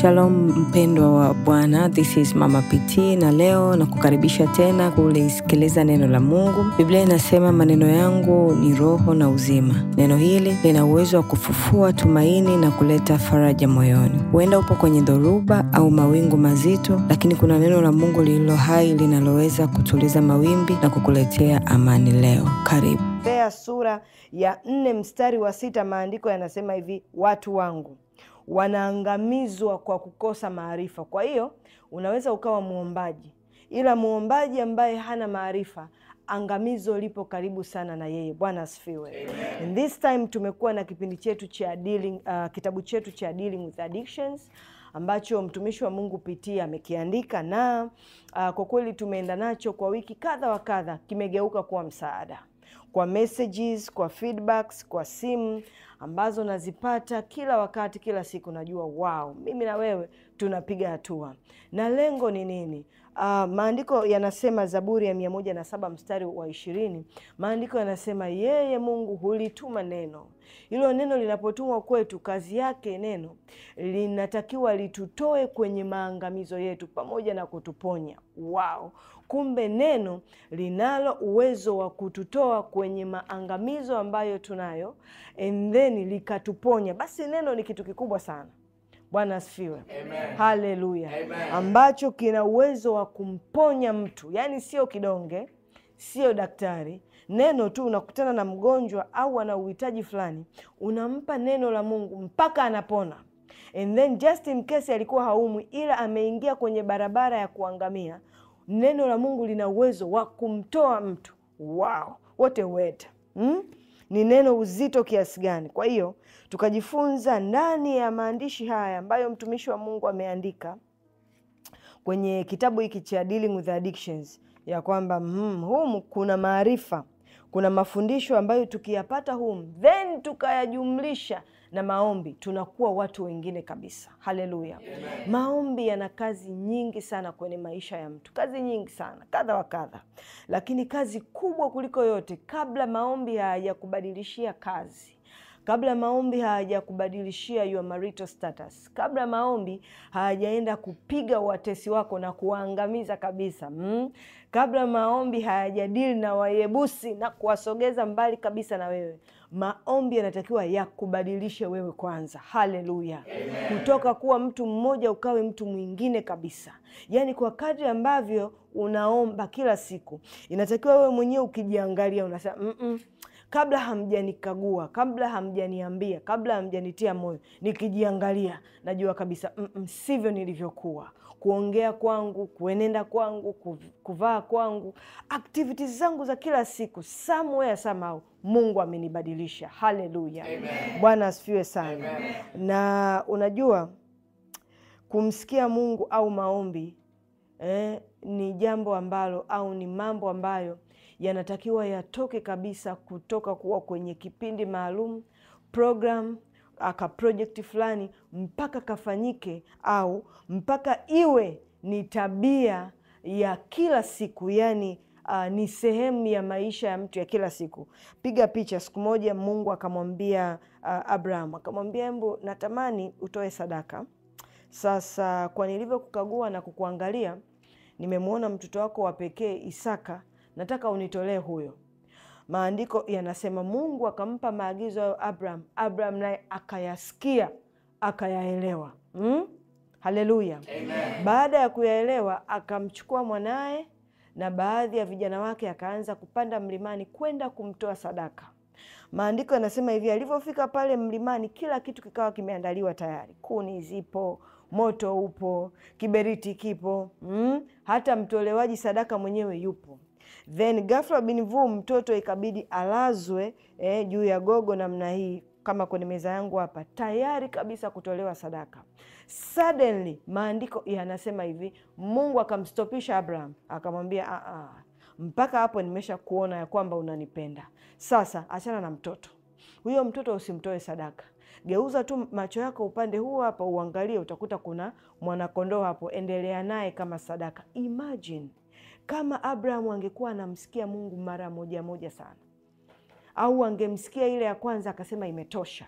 Shalom mpendwa wa Bwana, this is Mama PT na leo na kukaribisha tena kulisikiliza neno la Mungu. Biblia inasema maneno yangu ni roho na uzima. Neno hili lina uwezo wa kufufua tumaini na kuleta faraja moyoni. Huenda upo kwenye dhoruba au mawingu mazito, lakini kuna neno la Mungu lililo hai linaloweza kutuliza mawimbi na kukuletea amani. Leo karibu sura ya nne mstari wa sita, maandiko yanasema hivi: watu wangu wanaangamizwa kwa kukosa maarifa. Kwa hiyo unaweza ukawa mwombaji, ila mwombaji ambaye hana maarifa angamizo lipo karibu sana na yeye. Bwana asifiwe. This time tumekuwa na kipindi chetu cha dealing, uh, kitabu chetu cha dealing with addictions ambacho mtumishi wa Mungu Pitia amekiandika na uh, kwa kweli tumeenda nacho kwa wiki kadha wa kadha, kimegeuka kuwa msaada kwa messages, kwa feedbacks, kwa simu ambazo nazipata kila wakati, kila siku. Najua wao, mimi na wewe tunapiga hatua, na lengo ni nini? Uh, maandiko yanasema Zaburi ya mia moja na saba mstari wa ishirini, maandiko yanasema yeye Mungu hulituma neno. Hilo neno linapotumwa kwetu, kazi yake neno linatakiwa litutoe kwenye maangamizo yetu pamoja na kutuponya. Wao Kumbe neno linalo uwezo wa kututoa kwenye maangamizo ambayo tunayo, and then likatuponya. Basi neno ni kitu kikubwa sana. Bwana asifiwe, haleluya, ambacho kina uwezo wa kumponya mtu, yaani sio kidonge, sio daktari neno tu. Unakutana na mgonjwa au ana uhitaji fulani, unampa neno la Mungu mpaka anapona, and then just in case alikuwa haumwi, ila ameingia kwenye barabara ya kuangamia, neno la Mungu lina uwezo wa kumtoa mtu wao wote weta hmm? Ni neno uzito kiasi gani? Kwa hiyo tukajifunza ndani ya maandishi haya ambayo mtumishi wa Mungu ameandika kwenye kitabu hiki cha Dealing with Addictions ya kwamba hmm, humu kuna maarifa, kuna mafundisho ambayo tukiyapata humu then tukayajumlisha na maombi tunakuwa watu wengine kabisa. Haleluya! Maombi yana kazi nyingi sana kwenye maisha ya mtu, kazi nyingi sana kadha wa kadha, lakini kazi kubwa kuliko yote, kabla maombi hayajakubadilishia kazi kabla maombi hayajakubadilishia your status, kabla maombi hayajaenda kupiga watesi wako na kuwaangamiza kabisa mm. Kabla maombi hayajadili na Wayebusi na kuwasogeza mbali kabisa na wewe, maombi yanatakiwa yakubadilishe wewe kwanza. Haleluya! kutoka kuwa mtu mmoja ukawe mtu mwingine kabisa. Yaani, kwa kadri ambavyo unaomba kila siku, inatakiwa wewe mwenyewe ukijiangalia, unasema mm -mm. Kabla hamjanikagua, kabla hamjaniambia, kabla hamjanitia moyo, nikijiangalia najua kabisa mm -mm, sivyo nilivyokuwa kuongea kwangu, kuenenda kwangu, kuvaa kwangu, activities zangu za kila siku, somewhere somehow Mungu amenibadilisha. Haleluya, Bwana asifiwe sana. Amen. Na unajua kumsikia Mungu au maombi eh, ni jambo ambalo au ni mambo ambayo yanatakiwa yatoke kabisa kutoka kuwa kwenye kipindi maalum program aka project fulani mpaka kafanyike au mpaka iwe ni tabia ya kila siku, yani uh, ni sehemu ya maisha ya mtu ya kila siku. Piga picha. Siku moja Mungu akamwambia uh, abraham akamwambia, embu natamani utoe sadaka. Sasa kwa nilivyokukagua na kukuangalia, nimemwona mtoto wako wa pekee Isaka, nataka unitolee huyo Maandiko yanasema Mungu akampa maagizo hayo Abraham, Abraham naye akayasikia akayaelewa. hmm? Haleluya! Baada ya kuyaelewa akamchukua mwanaye na baadhi ya vijana wake akaanza kupanda mlimani kwenda kumtoa sadaka. Maandiko yanasema hivi, alivyofika pale mlimani, kila kitu kikawa kimeandaliwa tayari. Kuni zipo, moto upo, kiberiti kipo, hmm? hata mtolewaji sadaka mwenyewe yupo. Then ghafla bin vu mtoto ikabidi alazwe eh, juu ya gogo namna hii kama kwenye meza yangu hapa tayari kabisa kutolewa sadaka. Suddenly maandiko yanasema hivi, Mungu akamstopisha Abraham akamwambia, a ah, ah, mpaka hapo nimesha kuona ya kwamba unanipenda. Sasa achana na mtoto huyo, mtoto usimtoe sadaka, geuza tu macho yako upande huu hapa, uangalie, utakuta kuna mwanakondoo hapo, endelea naye kama sadaka. Imagine kama Abrahamu angekuwa anamsikia Mungu mara moja moja sana, au angemsikia ile ya kwanza akasema, imetosha,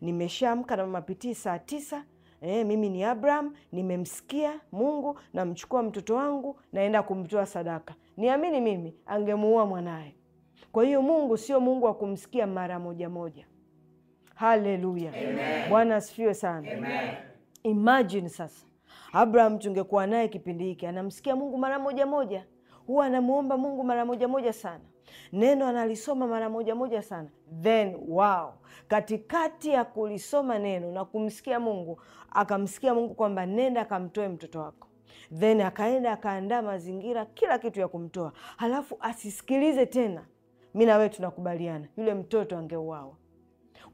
nimeshaamka na mapitii saa tisa E, mimi ni Abraham, nimemsikia Mungu, namchukua mtoto wangu naenda kumtoa sadaka. Niamini mimi, angemuua mwanaye. Kwa hiyo Mungu sio Mungu wa kumsikia mara moja moja. Haleluya, Bwana asifiwe sana. Amen. Imagine sasa Abraham tungekuwa naye kipindi hiki, anamsikia Mungu mara moja moja huwa anamuomba Mungu mara moja moja sana, neno analisoma mara moja moja sana, then wow, katikati ya kulisoma neno na kumsikia Mungu akamsikia Mungu kwamba nenda akamtoe mtoto wako then akaenda akaandaa mazingira kila kitu ya kumtoa, halafu asisikilize tena. Mi na wewe tunakubaliana, yule mtoto angeuawa.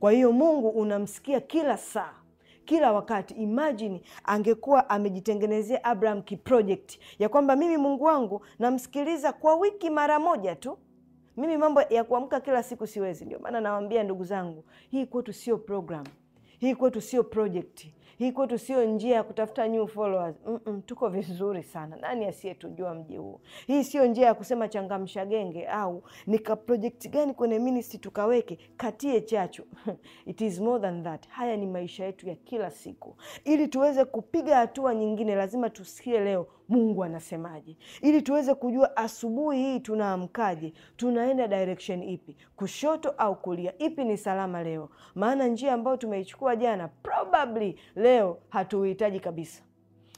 Kwa hiyo Mungu unamsikia kila saa, kila wakati. imajini angekuwa amejitengenezea Abraham kiprojekti ya kwamba mimi Mungu wangu namsikiliza kwa wiki mara moja tu. Mimi mambo ya kuamka kila siku siwezi. Ndio maana nawambia ndugu zangu, hii kwetu sio program, hii kwetu sio projekti hii kwetu sio njia ya kutafuta new followers. Mm -mm, tuko vizuri sana. Nani asiyetujua mji huu? Hii sio njia ya kusema changamsha genge au nika project gani kwenye ministry tukaweke katie chachu. It is more than that. Haya ni maisha yetu ya kila siku. Ili tuweze kupiga hatua nyingine, lazima tusikie leo Mungu anasemaje, ili tuweze kujua asubuhi hii tunaamkaje, tunaenda direction ipi, kushoto au kulia, ipi ni salama leo. Maana njia ambayo tumeichukua jana, probably leo hatuuhitaji kabisa.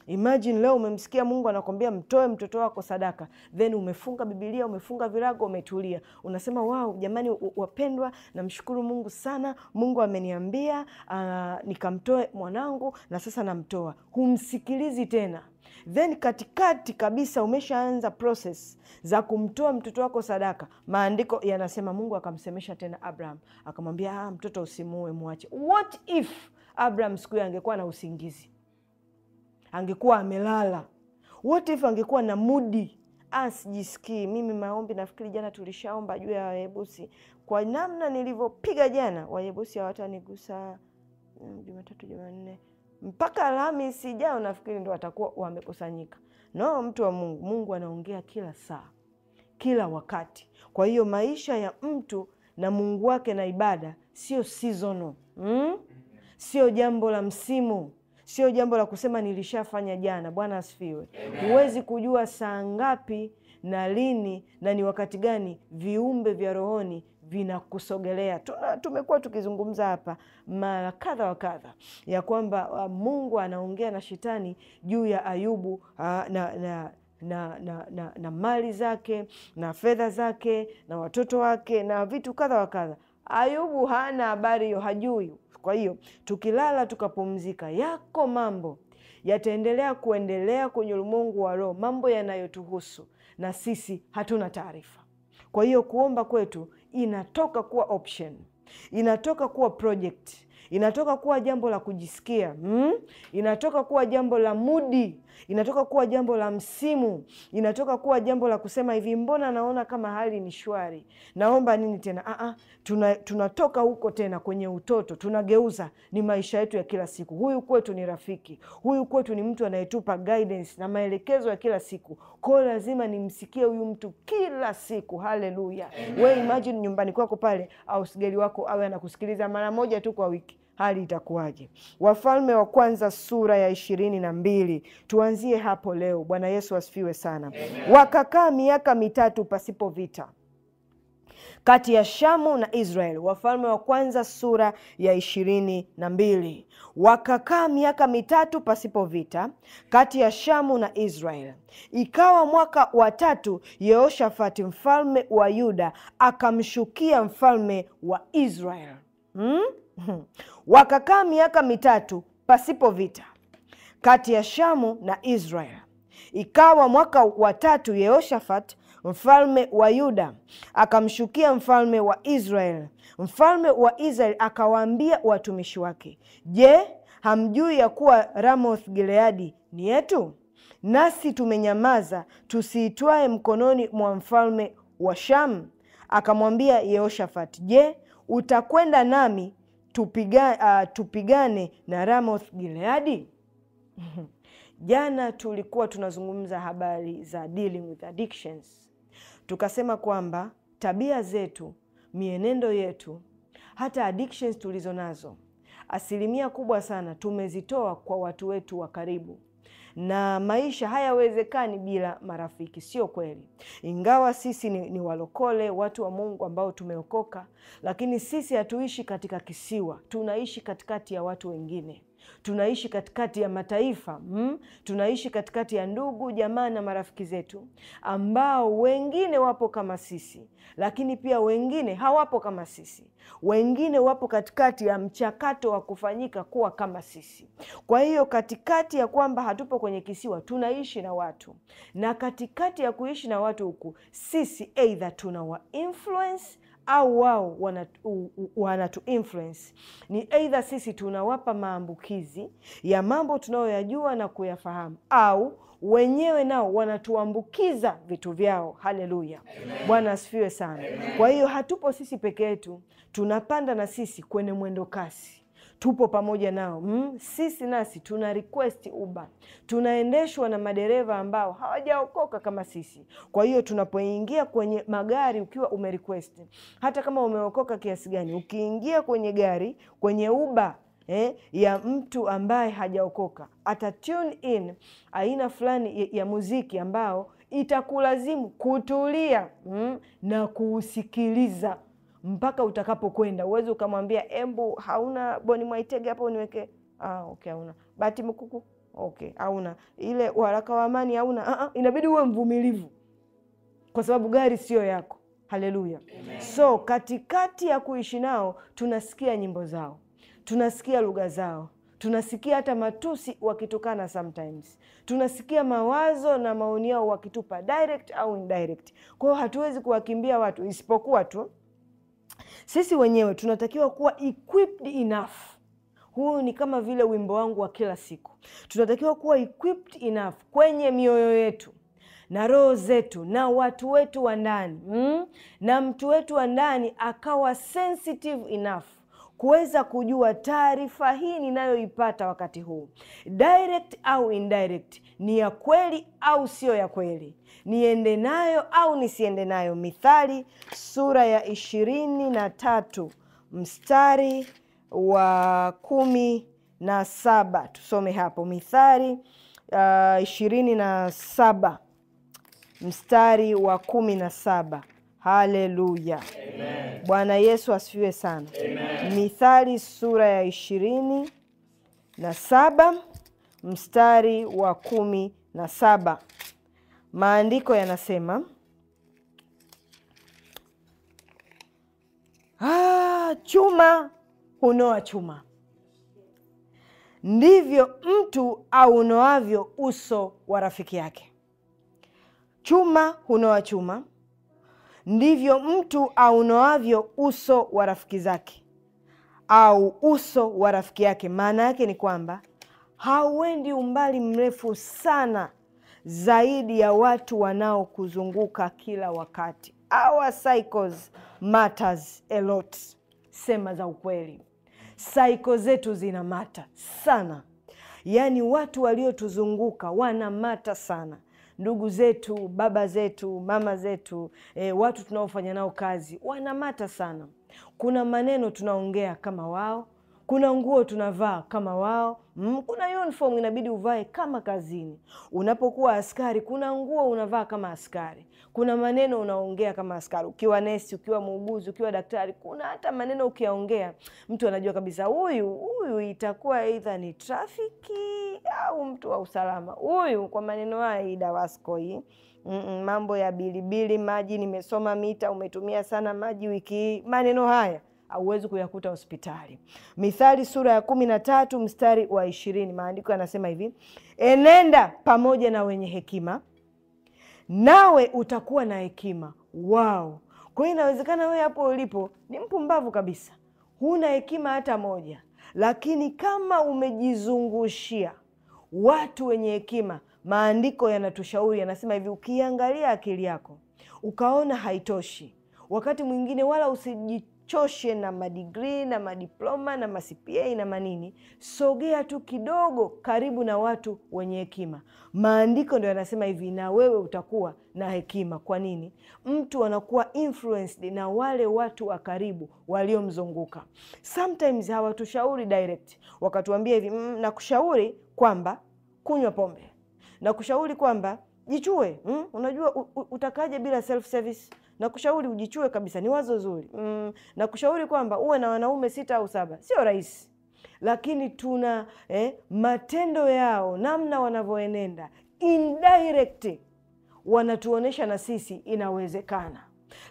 Imagine leo umemsikia Mungu anakwambia mtoe mtoto wako sadaka, then umefunga Bibilia, umefunga virago, umetulia, unasema wow, jamani wapendwa, namshukuru Mungu sana. Mungu ameniambia ah, nikamtoe mwanangu na sasa namtoa. Humsikilizi tena then katikati kabisa umeshaanza proses za kumtoa mtoto wako sadaka. Maandiko yanasema Mungu akamsemesha tena Abraham akamwambia, ah, mtoto usimuue, mwache. What if Abraham siku angekuwa na usingizi, angekuwa amelala? What if angekuwa na mudi Ah, sijisikii mimi maombi. Nafikiri jana tulishaomba juu ya Wayebusi, kwa namna nilivyopiga jana, Wayebusi hawatanigusa mm, Jumatatu, Jumanne mpaka Alhamisi ijayo nafikiri ndo watakuwa wamekusanyika. No, mtu wa Mungu, Mungu anaongea kila saa, kila wakati. Kwa hiyo maisha ya mtu na Mungu wake na ibada sio seasonal mm? Sio jambo la msimu, sio jambo la kusema nilishafanya jana. Bwana asifiwe. Huwezi kujua saa ngapi na lini na ni wakati gani viumbe vya rohoni vinakusogelea. Ah, tumekuwa tukizungumza hapa mara kadha wa kadha ya kwamba ah, Mungu anaongea na shetani juu ya Ayubu ah, na, na na, na, na, na mali zake na fedha zake na watoto wake na vitu kadha wa kadha. Ayubu hana habari hiyo, hajui. Kwa hiyo tukilala tukapumzika, yako mambo yataendelea kuendelea kwenye ulimwengu wa roho, mambo yanayotuhusu na sisi hatuna taarifa. Kwa hiyo kuomba kwetu inatoka kuwa option, inatoka kuwa project, inatoka kuwa jambo la kujisikia hmm? inatoka kuwa jambo la mudi inatoka kuwa jambo la msimu, inatoka kuwa jambo la kusema hivi, mbona naona kama hali ni shwari, naomba nini tena? Aa, ah, ah, tuna, tunatoka huko tena kwenye utoto, tunageuza ni maisha yetu ya kila siku. Huyu kwetu ni rafiki, huyu kwetu ni mtu anayetupa guidance na maelekezo ya kila siku, ko lazima nimsikie huyu mtu kila siku. Haleluya! We imagine nyumbani kwako pale, au wako awe anakusikiliza mara moja tu kwa wiki hali itakuwaje? Wafalme wa Kwanza sura ya ishirini na mbili, tuanzie hapo leo. Bwana Yesu asifiwe sana. Wakakaa miaka mitatu pasipo vita kati ya Shamu na Israeli. Wafalme wa Kwanza sura ya ishirini na mbili. Wakakaa miaka mitatu pasipo vita kati ya Shamu na Israeli. Ikawa mwaka wa tatu, Yehoshafati mfalme wa Yuda akamshukia mfalme wa Israeli hmm? Wakakaa miaka mitatu pasipo vita kati ya Shamu na israel Ikawa mwaka wa tatu, Yehoshafat mfalme wa Yuda akamshukia mfalme wa israel Mfalme wa israel akawaambia watumishi wake, Je, hamjui ya kuwa Ramoth Gileadi ni yetu, nasi tumenyamaza tusiitwae mkononi mwa mfalme wa Shamu? Akamwambia yehoshafat Je, utakwenda nami tupiga, uh, tupigane na Ramoth Gileadi? Jana tulikuwa tunazungumza habari za dealing with addictions, tukasema kwamba tabia zetu, mienendo yetu, hata addictions tulizo nazo asilimia kubwa sana tumezitoa kwa watu wetu wa karibu, na maisha hayawezekani bila marafiki, sio kweli? Ingawa sisi ni, ni walokole watu wa Mungu ambao tumeokoka, lakini sisi hatuishi katika kisiwa, tunaishi katikati ya watu wengine tunaishi katikati ya mataifa mm, tunaishi katikati ya ndugu jamaa na marafiki zetu ambao wengine wapo kama sisi, lakini pia wengine hawapo kama sisi. Wengine wapo katikati ya mchakato wa kufanyika kuwa kama sisi. Kwa hiyo katikati ya kwamba hatupo kwenye kisiwa, tunaishi na watu, na katikati ya kuishi na watu huku sisi, tuna wa influence au wao wanatu, influence. Ni aidha sisi tunawapa maambukizi ya mambo tunayoyajua na kuyafahamu au wenyewe nao wanatuambukiza vitu vyao. Haleluya, Bwana asifiwe sana. Amen. Kwa hiyo hatupo sisi peke yetu, tunapanda na sisi kwenye mwendo kasi tupo pamoja nao mm. Sisi nasi tuna request Uber, tunaendeshwa na madereva ambao hawajaokoka kama sisi. Kwa hiyo tunapoingia kwenye magari, ukiwa umerequest, hata kama umeokoka kiasi gani, ukiingia kwenye gari, kwenye Uber Eh, ya mtu ambaye hajaokoka ata tune in aina fulani ya muziki ambao itakulazimu kutulia mm, na kuusikiliza mpaka utakapokwenda. Uwezi ukamwambia embu, hauna Boni Mwaitege hapo uniweke? Ah, okay, hauna Bahati Mkuku okay, hauna ile waraka wa amani hauna. Ah, ah, inabidi uwe mvumilivu kwa sababu gari siyo yako. Haleluya! So katikati ya kuishi nao tunasikia nyimbo zao, tunasikia lugha zao, tunasikia hata matusi wakitukana, sometimes tunasikia mawazo na maoni yao wakitupa direct au indirect. Kwa hiyo hatuwezi kuwakimbia watu, isipokuwa tu sisi wenyewe tunatakiwa kuwa equipped enough. Huu ni kama vile wimbo wangu wa kila siku, tunatakiwa kuwa equipped enough kwenye mioyo yetu na roho zetu na watu wetu wa ndani mm, na mtu wetu wa ndani akawa sensitive enough kuweza kujua taarifa hii ninayoipata wakati huu, direct au indirect, ni ya kweli au siyo ya kweli, niende nayo au nisiende nayo. Mithali sura ya ishirini na tatu mstari wa kumi na saba tusome hapo. Mithali uh, ishirini uh, na saba mstari wa kumi na saba. Haleluya, Bwana Yesu asifiwe sana. Amen. Mithali sura ya ishirini na saba mstari wa kumi na saba maandiko yanasema ah, chuma hunoa chuma, ndivyo mtu aunoavyo uso wa rafiki yake. Chuma hunoa chuma ndivyo mtu aunoavyo uso wa rafiki zake au uso wa rafiki yake. Maana yake ni kwamba hauendi umbali mrefu sana zaidi ya watu wanaokuzunguka kila wakati. Our cycles matters a lot. Sema za ukweli, saiko zetu zina mata sana, yaani watu waliotuzunguka wana mata sana ndugu zetu, baba zetu, mama zetu, e, watu tunaofanya nao kazi wanamata sana. Kuna maneno tunaongea kama wao, kuna nguo tunavaa kama wao mm, kuna uniform inabidi uvae kama kazini. Unapokuwa askari, kuna nguo unavaa kama askari. Kuna maneno unaongea kama askari, ukiwa nesi, ukiwa muuguzi, ukiwa daktari, kuna hata maneno ukiyaongea mtu anajua kabisa huyu huyu itakuwa aidha ni trafiki au mtu wa usalama huyu, kwa maneno haya. Idawasko hii mm -mm, mambo ya bilibili, maji nimesoma mita, umetumia sana maji wiki hii, maneno haya hauwezi kuyakuta hospitali. Mithali sura ya kumi na tatu mstari wa ishirini maandiko yanasema hivi, enenda pamoja na wenye hekima nawe utakuwa na hekima wao. Kwa hiyo inawezekana wewe hapo ulipo ni mpumbavu kabisa, huna hekima hata moja, lakini kama umejizungushia watu wenye hekima, maandiko yanatushauri, yanasema hivi, ukiangalia akili yako ukaona haitoshi, wakati mwingine wala usiji jichoshe na madigrii na madiploma na masipa na manini. Sogea tu kidogo karibu na watu wenye hekima. Maandiko ndio yanasema hivi, na wewe utakuwa na hekima. Kwa nini? Mtu anakuwa influenced na wale watu wa karibu waliomzunguka. Sometimes hawatushauri direct, wakatuambia hivi mm, nakushauri kwamba kunywa pombe, nakushauri kwamba jichue mm, unajua utakaje bila self service nakushauri ujichue kabisa, ni wazo zuri mm. Nakushauri kwamba uwe na wanaume sita au saba, sio rahisi, lakini tuna eh, matendo yao, namna wanavyoenenda indirect na sisi inawezekana.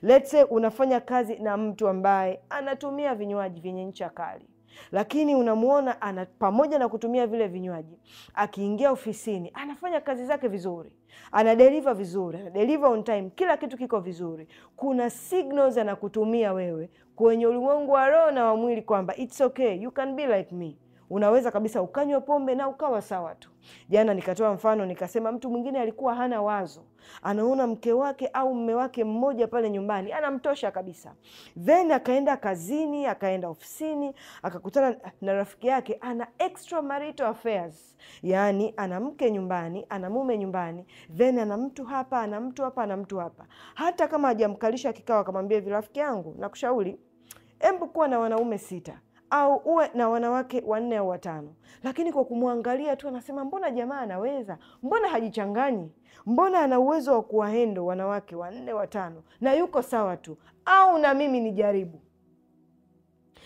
Let's say unafanya kazi na mtu ambaye anatumia vinywaji vyenye ncha kali lakini unamwona ana pamoja na kutumia vile vinywaji, akiingia ofisini anafanya kazi zake vizuri, anadeliva vizuri, anadeliva on time, kila kitu kiko vizuri. Kuna signals anakutumia wewe kwenye ulimwengu wa roho na wa mwili kwamba it's okay, you can be like me Unaweza kabisa ukanywa pombe na ukawa sawa tu. Jana nikatoa mfano nikasema, mtu mwingine alikuwa hana wazo, anaona mke wake au mme wake mmoja pale nyumbani anamtosha kabisa, then akaenda kazini, akaenda ofisini, akakutana na rafiki yake ana extra marital affairs, yaani ana mke nyumbani, ana mume nyumbani, then ana mtu hapa, ana mtu hapa, ana mtu hapa. Hata kama hajamkalisha kikao, akamwambia hivi, rafiki yangu, nakushauri, embu kuwa na wanaume sita au uwe na wanawake wanne au watano, lakini kwa kumwangalia tu anasema mbona jamaa anaweza, mbona hajichanganyi, mbona ana uwezo wa kuwahendo wanawake wanne watano na yuko sawa tu, au na mimi nijaribu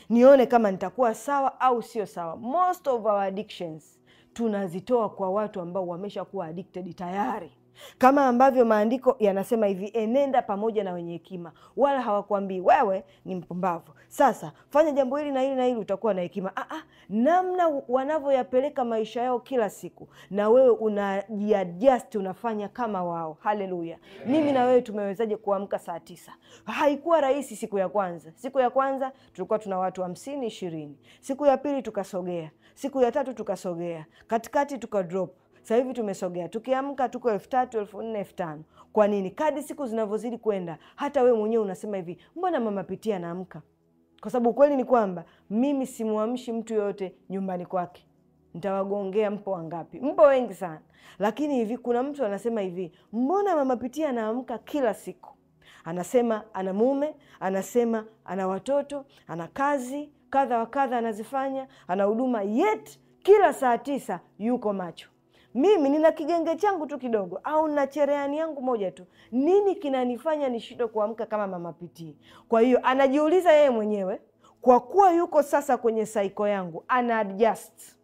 nione kama nitakuwa sawa au sio sawa. Most of our addictions tunazitoa kwa watu ambao wameshakuwa addicted tayari kama ambavyo maandiko yanasema hivi, enenda pamoja na wenye hekima, wala hawakuambii wewe ni mpumbavu, sasa fanya jambo hili na hili na hili, utakuwa na hekima. Ah, ah, namna wanavyoyapeleka maisha yao kila siku, na wewe unajiadjust, unafanya kama wao. Haleluya! Mimi na wewe tumewezaje kuamka saa tisa? Haikuwa rahisi siku ya kwanza. Siku ya kwanza tulikuwa tuna watu hamsini ishirini, siku ya pili tukasogea, siku ya tatu tukasogea, katikati tukadrop sasa hivi tumesogea, tukiamka tuko elfu tatu elfu nne elfu tano Kwa nini? Kadi siku zinavyozidi kwenda, hata wewe mwenyewe unasema hivi, mbona mama Pitia naamka? Kwa sababu ukweli ni kwamba mimi simwamshi mtu yoyote nyumbani kwake. Ntawagongea, mpo wangapi? Mpo wengi sana. Lakini hivi kuna mtu anasema hivi, mbona mama Pitia anaamka kila siku? Anasema ana mume, anasema ana watoto, ana kazi kadha wa kadha anazifanya, ana huduma, yet kila saa tisa yuko macho mimi nina kigenge changu tu kidogo, au na cherehani yangu moja tu. Nini kinanifanya nishindwe kuamka kama mama Pitii? Kwa hiyo anajiuliza yeye mwenyewe, kwa kuwa yuko sasa kwenye saiko yangu, ana adjust,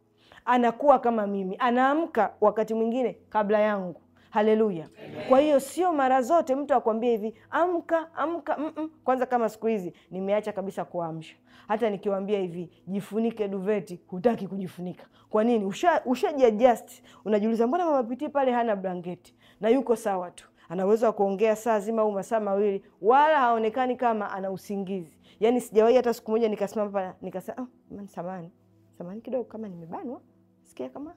anakuwa kama mimi, anaamka wakati mwingine kabla yangu haleluya kwa hiyo sio mara zote mtu akwambia hivi amka amka mm-mm. kwanza kama siku hizi nimeacha kabisa kuamsha hata nikiwambia hivi jifunike duveti hutaki kujifunika kwa nini ushajiajasti usha unajiuliza mbona mamapitii pale hana blanketi na yuko sawa tu anaweza kuongea saa zima au masaa mawili wala haonekani kama ana usingizi yaani sijawahi hata siku moja nikasimama pa nikasema oh, ah, samani samani kidogo kama nimebanwa sikia kama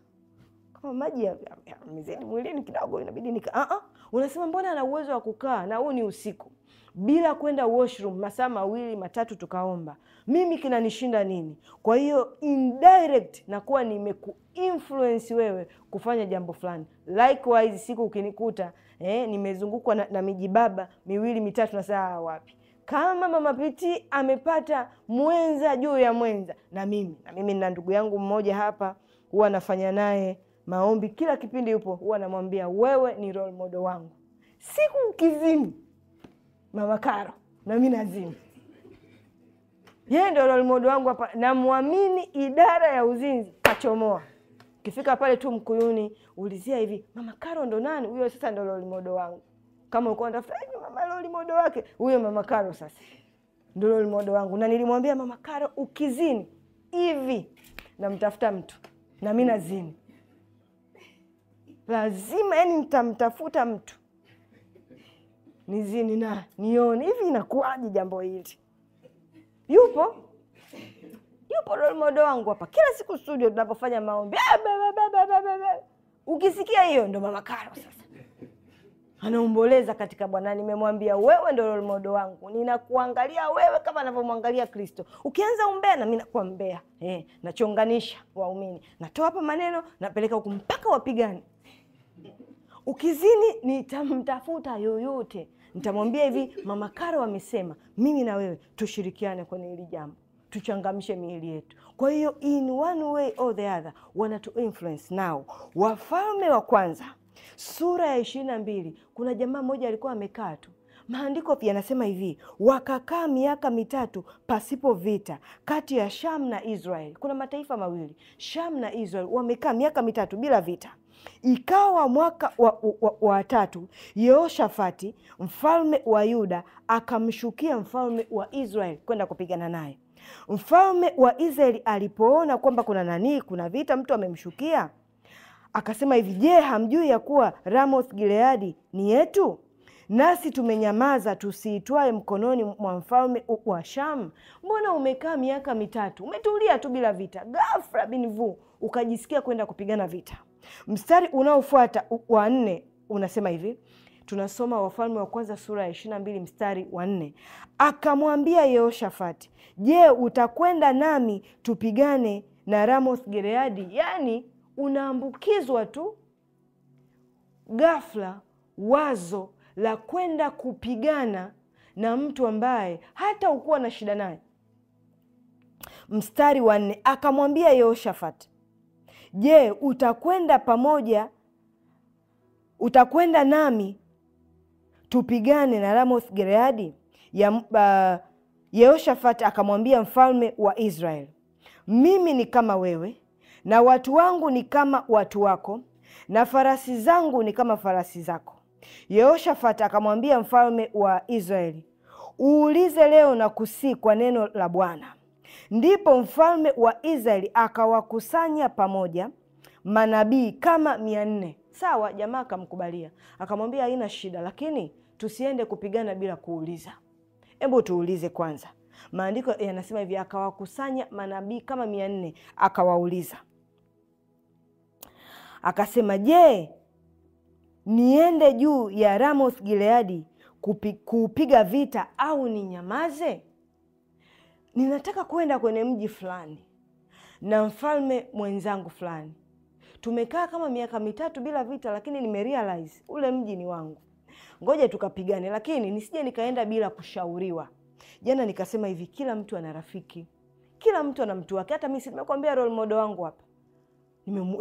kama maji yamezea mwilini kidogo, inabidi nika uh -uh. Unasema mbona ana uwezo wa kukaa na huu ni usiku bila kwenda washroom masaa mawili matatu, tukaomba mimi kinanishinda nini? Kwa hiyo indirect nakuwa nimekuinfluence wewe kufanya jambo fulani. Likewise siku ukinikuta eh, nimezungukwa na, na mijibaba miwili mitatu na saa wapi kama Mama Piti amepata mwenza juu ya mwenza, na mimi na mimi na ndugu yangu mmoja hapa huwa nafanya naye maombi, kila kipindi yupo, huwa namwambia wewe ni role model wangu. Siku ukizini mama Karo na mimi nazini, yeye ndio role model wangu hapa. Namwamini idara ya uzinzi kachomoa Ukifika pale tu Mkuyuni ulizia hivi, mama Karo ndo nani huyo? Sasa ndo role model wangu. Kama uko ulikuwa unatafuta mama role model wake, huyo mama Karo sasa ndo role model wangu. Na nilimwambia mama Karo, ukizini hivi, namtafuta mtu na mimi nazini lazima yani nitamtafuta mtu nizini na nione hivi inakuwaje jambo hili. Yupo yupo role model wangu hapa, kila siku studio tunapofanya maombi eh, ukisikia hiyo ndo mama Karo sasa anaomboleza katika Bwana, nimemwambia wewe ndo role model wangu, ninakuangalia wewe kama anavyomwangalia Kristo. Ukianza umbea na mimi nakuwa mbea eh, nachonganisha waumini, natoa hapa maneno napeleka huku mpaka wapigane. Ukizini nitamtafuta yoyote, nitamwambia hivi, mama Karo amesema mimi na wewe tushirikiane kwenye hili jambo, tuchangamshe miili yetu. Kwa hiyo in one way or the other wanatu influence nao. Wafalme wa Kwanza sura ya ishirini na mbili kuna jamaa mmoja alikuwa amekaa tu Maandiko pia yanasema hivi, wakakaa miaka mitatu pasipo vita kati ya Sham na israel Kuna mataifa mawili, Sham na israel wamekaa miaka mitatu bila vita. Ikawa mwaka wa, wa, wa tatu Yehoshafati mfalme wa Yuda akamshukia mfalme wa Israeli kwenda kupigana naye. Mfalme wa Israeli alipoona kwamba kuna nani, kuna vita, mtu amemshukia, akasema hivi, je, hamjui ya kuwa Ramoth Gileadi ni yetu nasi tumenyamaza tusiitwae mkononi mwa mfalme wa Shamu? Mbona umekaa miaka mitatu umetulia tu bila vita, ghafla binvu ukajisikia kwenda kupigana vita? Mstari unaofuata wa nne unasema hivi, tunasoma Wafalme wa Kwanza sura ya ishirini na mbili mstari wa nne akamwambia Yehoshafati, je, utakwenda nami tupigane na Ramoth gereadi Yaani unaambukizwa tu ghafla wazo la kwenda kupigana na mtu ambaye hata ukuwa na shida naye. Mstari wa nne akamwambia Yehoshafati, Je, utakwenda pamoja? Utakwenda nami tupigane na Ramoth Gileadi? ya uh, Yehoshafati akamwambia mfalme wa israel mimi ni kama wewe na watu wangu ni kama watu wako na farasi zangu ni kama farasi zako. Yehoshafati akamwambia mfalme wa Israeli, uulize leo na kusii kwa neno la Bwana Ndipo mfalme wa Israeli akawakusanya pamoja manabii kama mia nne. Sawa, jamaa akamkubalia, akamwambia haina shida, lakini tusiende kupigana bila kuuliza. Hebu tuulize kwanza. Maandiko yanasema hivi, akawakusanya manabii kama mia nne akawauliza akasema, je, niende juu ya Ramoth Gileadi kupiga vita au ninyamaze? ninataka kwenda kwenye mji fulani na mfalme mwenzangu fulani, tumekaa kama miaka mitatu bila vita, lakini nimerealize ule mji ni wangu, ngoja tukapigane, lakini nisije nikaenda bila kushauriwa. Jana nikasema hivi, kila mtu ana rafiki, kila mtu ana mtu wake. Hata mimi nimekwambia role model wangu hapa,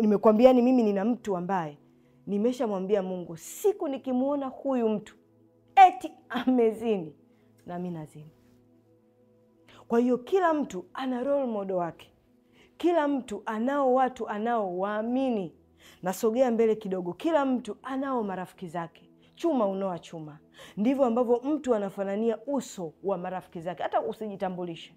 nimekwambia ni mimi nina mtu ambaye nimeshamwambia Mungu, siku nikimwona huyu mtu eti amezini, na mimi nazini kwa hiyo kila mtu ana role model wake, kila mtu anao watu anao waamini. Nasogea mbele kidogo, kila mtu anao marafiki zake. Chuma unoa chuma, ndivyo ambavyo mtu anafanania uso wa marafiki zake. Hata usijitambulishe,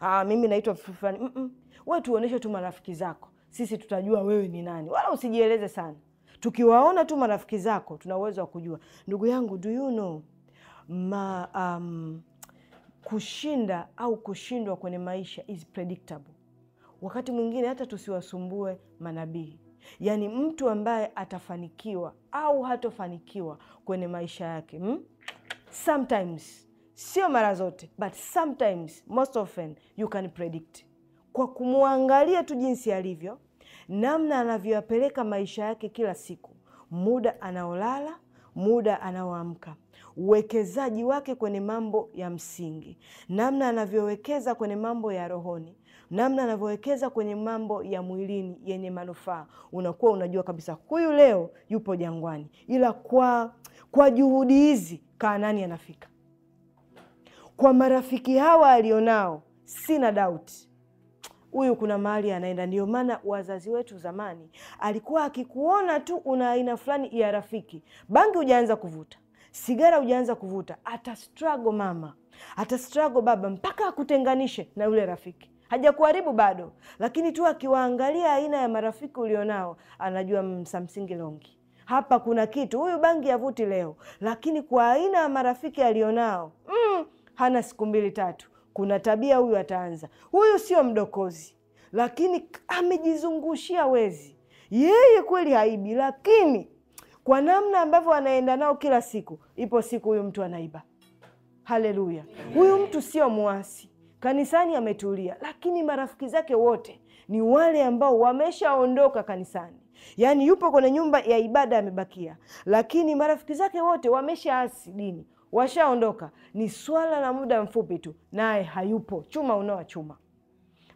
ah, mimi naitwa fulani. mm -mm. We tuoneshe tu marafiki zako, sisi tutajua wewe ni nani, wala usijieleze sana. Tukiwaona tu marafiki zako tuna uwezo wa kujua. Ndugu yangu, do you know ma um, kushinda au kushindwa kwenye maisha is predictable. Wakati mwingine hata tusiwasumbue manabii, yaani mtu ambaye atafanikiwa au hatofanikiwa kwenye maisha yake hmm? Sometimes, sio mara zote, but sometimes, most often you can predict kwa kumwangalia tu jinsi alivyo, namna anavyoyapeleka maisha yake kila siku, muda anaolala, muda anaoamka uwekezaji wake kwenye mambo ya msingi, namna anavyowekeza kwenye mambo ya rohoni, namna anavyowekeza kwenye mambo ya mwilini yenye manufaa, unakuwa unajua kabisa huyu leo yupo jangwani, ila kwa kwa juhudi hizi Kaanani anafika. Kwa marafiki hawa alionao, sina dauti huyu kuna mahali anaenda. Ndio maana wazazi wetu zamani alikuwa akikuona tu una aina fulani ya rafiki, bangi hujaanza kuvuta sigara hujaanza kuvuta, ata mama, ata baba, mpaka akutenganishe na yule rafiki. Hajakuharibu bado, lakini tu akiwaangalia aina ya marafiki ulionao, anajua msamsingi mm, longi hapa kuna kitu, huyu bangi yavuti leo, lakini kwa aina ya marafiki alionao, mm, hana siku mbili tatu, kuna tabia huyu ataanza. Huyu sio mdokozi, lakini amejizungushia wezi. Yeye kweli haibi, lakini kwa namna ambavyo anaenda nao kila siku. Ipo siku huyu mtu anaiba. Haleluya! Huyu mtu sio mwasi, kanisani ametulia, lakini marafiki zake wote ni wale ambao wameshaondoka kanisani. Yaani yupo kwenye nyumba ya ibada amebakia, lakini marafiki zake wote wameshaasi dini, washaondoka. Ni swala la muda mfupi tu, naye hayupo. Chuma unawa chuma.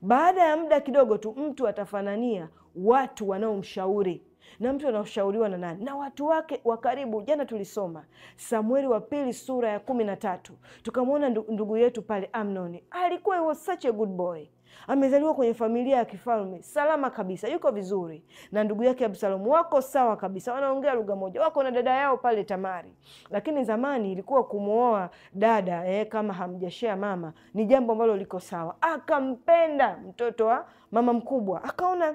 Baada ya muda kidogo tu, mtu atafanania watu wanaomshauri na mtu anashauriwa na nani? Na watu wake wa karibu. Jana tulisoma Samueli wa pili sura ya kumi na tatu tukamwona ndugu yetu pale Amnoni, alikuwa was such a good boy amezaliwa kwenye familia ya kifalme salama kabisa, yuko vizuri na ndugu yake Absalomu, wako sawa kabisa, wanaongea lugha moja, wako na dada yao pale Tamari. Lakini zamani ilikuwa kumwoa dada eh, kama hamjashea mama ni jambo ambalo liko sawa. Akampenda mtoto wa mama mkubwa, akaona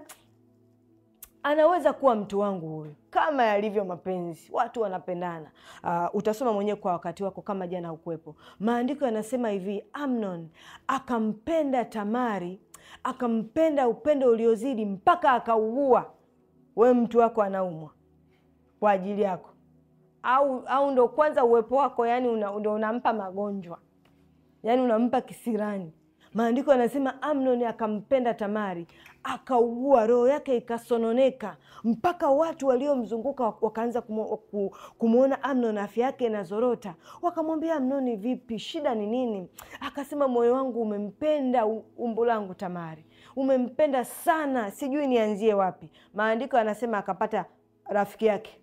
anaweza kuwa mtu wangu huyu, kama yalivyo mapenzi, watu wanapendana. Uh, utasoma mwenyewe kwa wakati wako, kama jana hukuwepo. Maandiko yanasema hivi, Amnon akampenda Tamari, akampenda upendo uliozidi mpaka akaugua. We mtu wako anaumwa kwa ajili yako, au au ndo kwanza uwepo wako, yani ndo unampa magonjwa, yani unampa kisirani. Maandiko yanasema Amnon akampenda Tamari akaugua, roho yake ikasononeka, mpaka watu waliomzunguka wakaanza kumwona Amnon afya yake inazorota. Wakamwambia, Amnoni, vipi, shida ni nini? Akasema, moyo wangu umempenda umbo langu Tamari, umempenda sana, sijui nianzie wapi. Maandiko anasema akapata rafiki yake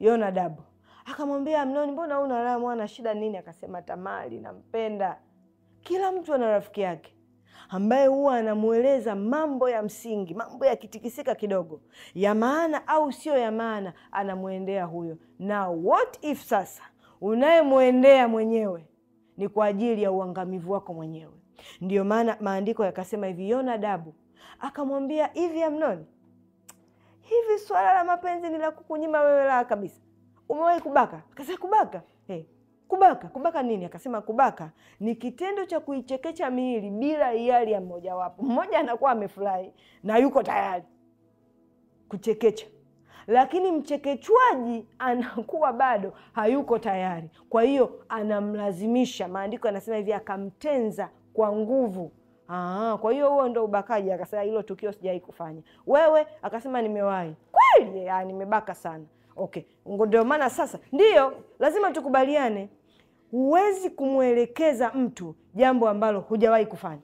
Yonadabu akamwambia Amnoni, mbona unalala mwana, shida nini? Akasema, Tamari nampenda. Kila mtu ana rafiki yake ambaye huwa anamweleza mambo ya msingi, mambo yakitikisika kidogo ya maana au siyo ya maana, anamwendea huyo. Na what if sasa unayemwendea mwenyewe ni kwa ajili ya uangamivu wako mwenyewe. Ndiyo maana maandiko yakasema hivi, Yonadabu akamwambia hivi, Amnoni, hivi swala la mapenzi ni la kukunyima wewe La kabisa? Umewahi kubaka? Akasema kubaka, hey. Eh kubaka. Kubaka nini? Akasema kubaka ni kitendo cha kuichekecha miili bila hiari ya mmojawapo. Mmoja anakuwa amefurahi na yuko tayari kuchekecha, lakini mchekechwaji anakuwa bado hayuko tayari, kwa hiyo anamlazimisha. Maandiko yanasema hivi, akamtenza kwa nguvu. Aa, ah, kwa hiyo huo ndo ubakaji. Akasema hilo tukio sijawahi kufanya. Wewe? Akasema nimewahi. Kweli? Ah, nimebaka sana. Okay, ndio maana sasa, ndiyo lazima tukubaliane huwezi kumwelekeza mtu jambo ambalo hujawahi kufanya.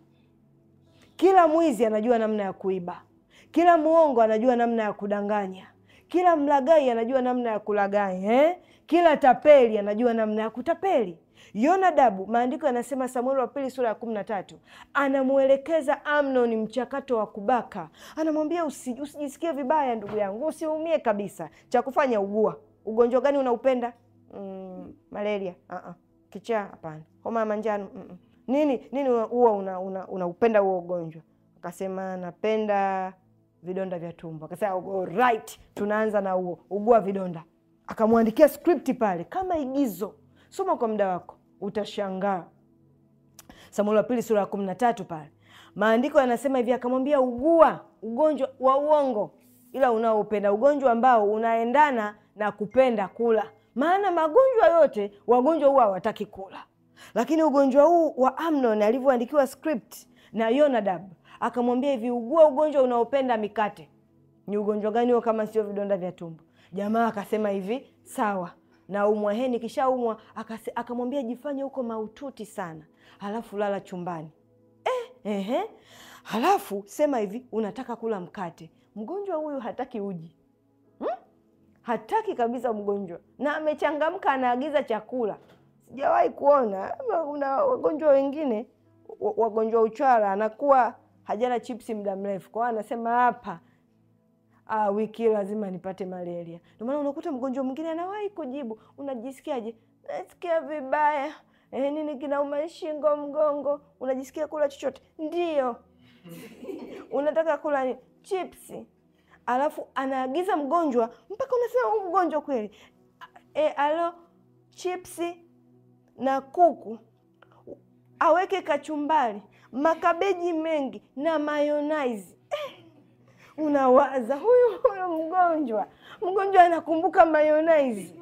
Kila mwizi anajua namna ya kuiba, kila mwongo anajua namna ya kudanganya, kila mlagai anajua namna ya kulagai eh? Kila tapeli anajua namna ya kutapeli. Yonadabu, maandiko yanasema, Samueli wa pili sura ya kumi na tatu, anamwelekeza Amnoni mchakato wa kubaka, anamwambia usi, usijisikie vibaya ndugu yangu, usiumie kabisa, cha kufanya ugua. Ugonjwa gani unaupenda? Mm, malaria. uh -uh kichaa, hapana. Homa ya manjano mm -mm. nini nini, huwa unaupenda una, una huo ugonjwa? Akasema napenda vidonda vya tumbo. Akasema oh, right, tunaanza na huo, ugua vidonda. Akamwandikia skripti pale kama igizo. Soma kwa muda wako, utashangaa. Samueli wa pili sura ya kumi na tatu pale maandiko yanasema hivi, akamwambia ugua ugonjwa wa uongo, ila unaoupenda, ugonjwa ambao unaendana na kupenda kula maana magonjwa yote wagonjwa huwa hawataki kula, lakini ugonjwa huu wa Amnon alivyoandikiwa script na Yonadab akamwambia hivi, ugua ugonjwa unaopenda mikate. Ni ugonjwa gani huo kama sio vidonda vya tumbo? Jamaa akasema hivi, sawa na umwa heni kisha Akamwambia jifanye huko maututi sana, halafu lala chumbani eh, eh, halafu sema hivi unataka kula mkate. Mgonjwa huyu hataki uji hataki kabisa mgonjwa, na amechangamka, anaagiza chakula. Sijawahi kuona. Kuna wagonjwa wengine, wagonjwa uchwara, anakuwa hajala chipsi muda mrefu, kwa hiyo anasema hapa Ah, wiki lazima nipate malaria. Ndio maana unakuta mgonjwa mwingine anawahi kujibu, unajisikiaje? Nasikia vibaya. Eh, nini kinauma? Shingo, mgongo. Unajisikia kula chochote? Ndio. Unataka kula nini? Chipsi alafu anaagiza mgonjwa mpaka unasema huu mgonjwa kweli. E, alo chipsi na kuku aweke kachumbari, makabeji mengi na mayonaizi. Eh, unawaza huyu huyu mgonjwa mgonjwa anakumbuka mayonaizi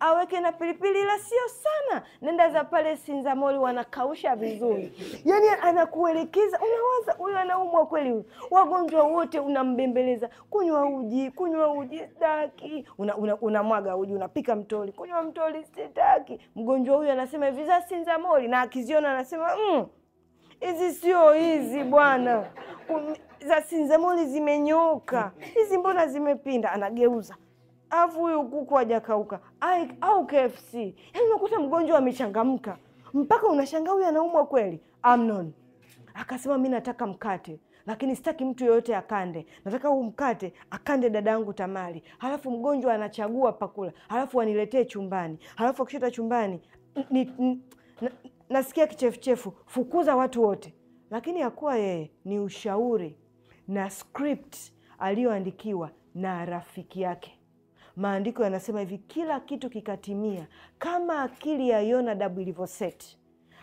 aweke na pilipili, ila sio sana. Nenda za pale sinzamoli wanakausha vizuri. Yani anakuelekeza, unawaza huyu anaumwa kweli, huyu wagonjwa wote unambembeleza, kunywa uji, kunywa uji sitaki, unamwaga una, una uji, unapika mtoli, kunywa mtoli sitaki. Mgonjwa huyu anasema hivi za Sinzamoli, na akiziona anasema mm, hizi sio hizi bwana, za sinzamoli zimenyoka hizi, mbona zimepinda? Anageuza afu huyu kuku hajakauka au KFC. Yaani unakuta mgonjwa amechangamka mpaka unashangaa huyu anaumwa kweli. Amnon akasema mi nataka mkate lakini sitaki mtu yoyote akande, nataka huu mkate akande yangu Tamari. Halafu mgonjwa anachagua pakula, halafu aniletee chumbani, halafu akishota chumbani nasikia kichefuchefu, fukuza watu wote. Lakini hakuwa yeye, ni ushauri na script aliyoandikiwa na rafiki yake maandiko yanasema hivi, kila kitu kikatimia kama akili ya Yona dabu ilivyoseti.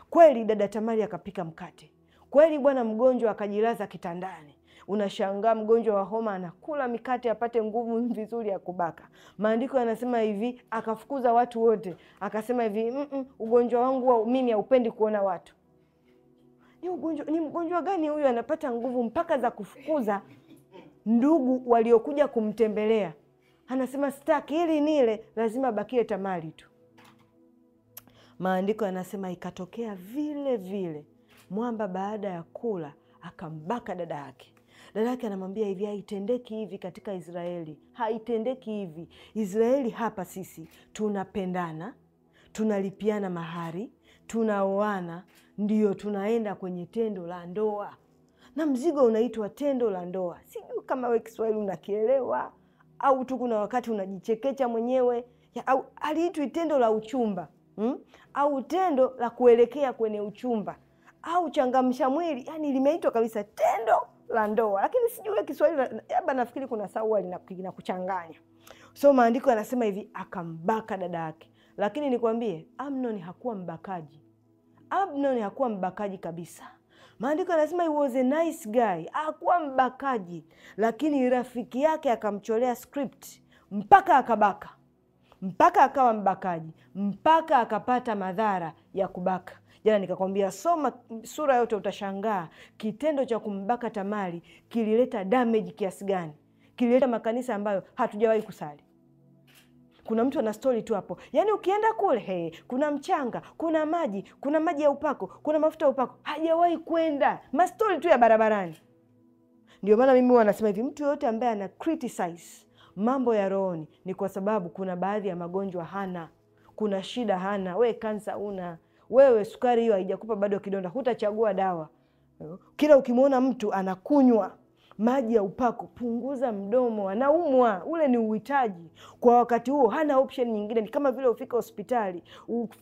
Kweli dada Tamari akapika mkate, kweli bwana mgonjwa akajilaza kitandani. Unashangaa mgonjwa wa homa anakula mikate apate nguvu vizuri ya kubaka. Maandiko yanasema hivi, akafukuza watu wote, akasema hivi, mm -mm, ugonjwa wangu wa mimi haupendi kuona watu. Ni ugonjwa, ni mgonjwa gani huyu anapata nguvu mpaka za kufukuza ndugu waliokuja kumtembelea? anasema staki hili nile, lazima abakie Tamari tu. Maandiko yanasema ikatokea vile vile mwamba baada ya kula akambaka dada yake. Dada yake anamwambia hivi, haitendeki hivi katika Israeli, haitendeki hivi Israeli. Hapa sisi tunapendana, tunalipiana mahari, tunaoana, ndio tunaenda kwenye tendo la ndoa, na mzigo unaitwa tendo la ndoa. Sijui kama we Kiswahili unakielewa au tu kuna wakati unajichekecha mwenyewe ya, au aliitwi tendo la uchumba hmm? au tendo la kuelekea kwenye uchumba au changamsha mwili, yani limeitwa kabisa tendo la ndoa, lakini sijui Kiswahili, labda nafikiri kuna sawa linakuchanganya. So maandiko yanasema hivi, akambaka dada yake. Lakini nikwambie, Amnon hakuwa mbakaji. Amnon hakuwa mbakaji kabisa. Maandiko lazima he was a nice guy, hakuwa mbakaji, lakini rafiki yake akamcholea script mpaka akabaka, mpaka akawa mbakaji, mpaka akapata madhara ya kubaka. Jana nikakwambia, soma sura yote, utashangaa kitendo cha kumbaka Tamari kilileta damage kiasi gani, kilileta makanisa ambayo hatujawahi kusali kuna mtu ana stori tu hapo. Yaani ukienda kule hey, kuna mchanga, kuna maji, kuna maji ya upako, kuna mafuta ya upako. Hajawahi kwenda, mastori tu ya barabarani. Ndio maana mimi nasema hivi, mtu yoyote ambaye ana criticize mambo ya rohoni ni kwa sababu kuna baadhi ya magonjwa hana, kuna shida hana. Wewe kansa una, wewe sukari hiyo haijakupa bado kidonda, hutachagua dawa. Kila ukimwona mtu anakunywa maji ya upako, punguza mdomo, anaumwa. Ule ni uhitaji kwa wakati huo, hana option nyingine. Ni kama vile ufika hospitali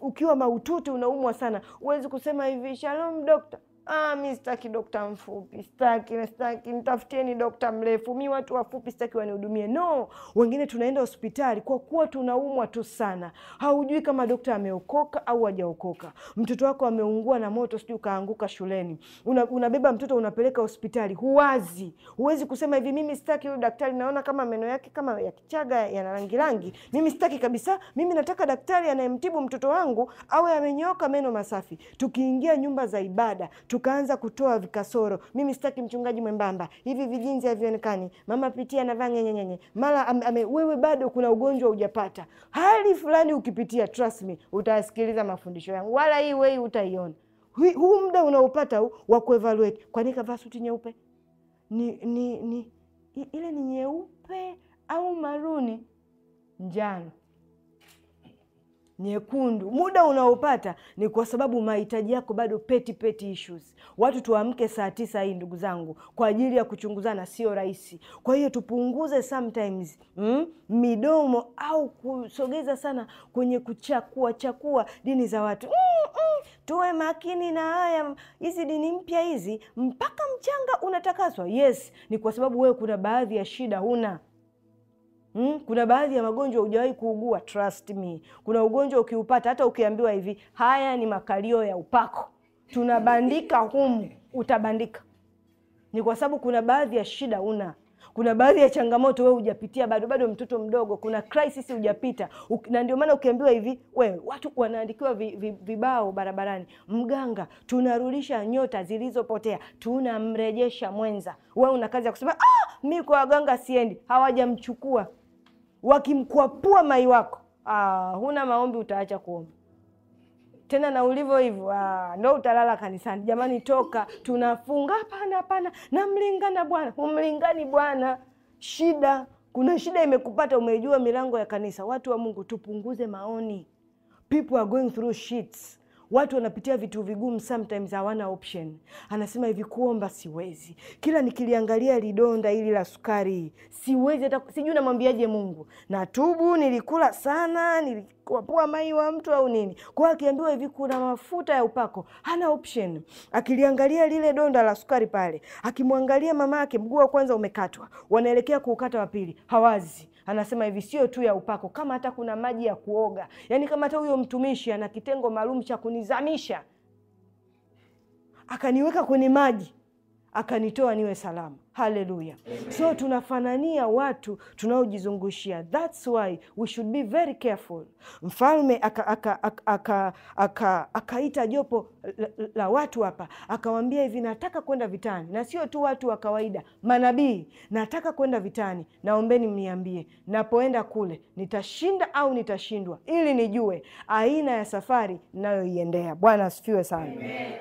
ukiwa maututi, unaumwa sana, uwezi kusema hivi shalom dokta Ah, mi sitaki dokta mfupi, sitaki sitaki, nitafutieni dokta mrefu. Mi watu wafupi sitaki wanihudumie. No, wengine tunaenda hospitali kwa kuwa tunaumwa tu sana, haujui kama dokta ameokoka au hajaokoka. Mtoto wako ameungua na moto, sijui ukaanguka shuleni, una, unabeba mtoto unapeleka hospitali, huwazi, huwezi kusema hivi, mimi sitaki huyu daktari, naona kama meno yake kama ya Kichaga yana rangi rangi, mimi sitaki kabisa. Mimi nataka daktari anayemtibu mtoto wangu awe amenyooka, meno masafi. Tukiingia nyumba za ibada tukaanza kutoa vikasoro. Mimi sitaki mchungaji mwembamba, hivi vijinzi havionekani, mama pitia navaa nyenyenyenye, mara wewe bado kuna ugonjwa hujapata, hali fulani ukipitia, trust me, utasikiliza mafundisho yangu, wala hii wei utaiona. Huu muda unaopata huu wa kuevaluate, nini kavaa suti nyeupe ni, ni, ni ile ni nyeupe au maruni njano nyekundu. Muda unaopata ni kwa sababu mahitaji yako bado peti peti issues. Watu tuamke saa tisa hii ndugu zangu, kwa ajili ya kuchunguzana sio rahisi. Kwa hiyo tupunguze sometimes mm, midomo au kusogeza sana kwenye kuchakua chakua dini za watu mm, mm, tuwe makini na haya hizi dini mpya hizi, mpaka mchanga unatakaswa. Yes, ni kwa sababu wewe kuna baadhi ya shida huna Hmm, kuna baadhi ya magonjwa hujawahi kuugua, trust me. Kuna ugonjwa ukiupata hata ukiambiwa hivi, haya ni makalio ya upako, tunabandika humu, utabandika. Ni kwa sababu kuna baadhi ya shida una kuna baadhi ya changamoto wewe hujapitia bado, bado mtoto mdogo, kuna crisis hujapita. Na ndio maana ukiambiwa hivi, wewe watu wanaandikiwa vibao vi, vi barabarani, mganga, tunarudisha nyota zilizopotea, tunamrejesha mwenza. Wewe una kazi ya kusema ah, mi kwa waganga siendi, hawajamchukua wakimkwapua mai wako, ah, huna maombi, utaacha kuomba tena na ulivyo hivyo, ah, ndo utalala kanisani. Jamani, toka tunafunga. Hapana, hapana, namlingana Bwana. Humlingani Bwana, shida kuna shida imekupata, umejua milango ya kanisa. Watu wa Mungu, tupunguze maoni. People are going through shits. Watu wanapitia vitu vigumu, sometimes hawana option. Anasema hivi, kuomba siwezi, kila nikiliangalia lidonda hili la sukari siwezi, hata sijui namwambiaje Mungu, natubu, nilikula sana, nilikuwa mai wa mtu au nini. Kwa akiambiwa hivi kuna mafuta ya upako, hana option. Akiliangalia lile donda la sukari pale, akimwangalia mama yake, mguu wa kwanza umekatwa, wanaelekea kuukata wa pili, hawazi anasema hivi, sio tu ya upako, kama hata kuna maji ya kuoga, yaani kama hata huyo mtumishi ana kitengo maalum cha kunizamisha, akaniweka kwenye maji akanitoa niwe salama. Haleluya! So tunafanania watu tunaojizungushia, that's why we should be very careful. Mfalme akaita aka, aka, aka, aka jopo la, la watu hapa, akawambia hivi, nataka kwenda vitani, na sio tu watu wa kawaida, manabii. Nataka kwenda vitani, naombeni mniambie napoenda kule nitashinda au nitashindwa, ili nijue aina ya safari nayoiendea. Bwana asifiwe sana. Amen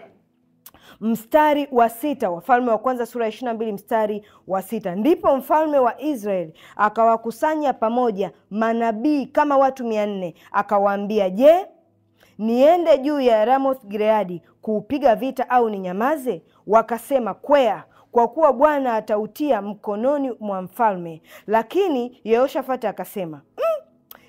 mstari wa sita Wafalme wa Kwanza sura ya ishirini na mbili mstari wa sita ndipo mfalme wa Israeli akawakusanya pamoja manabii kama watu mia nne akawaambia, je, niende juu ya Ramoth gireadi kuupiga vita au ninyamaze? Wakasema, kwea kwa kuwa Bwana atautia mkononi mwa mfalme. Lakini Yehoshafati akasema mm,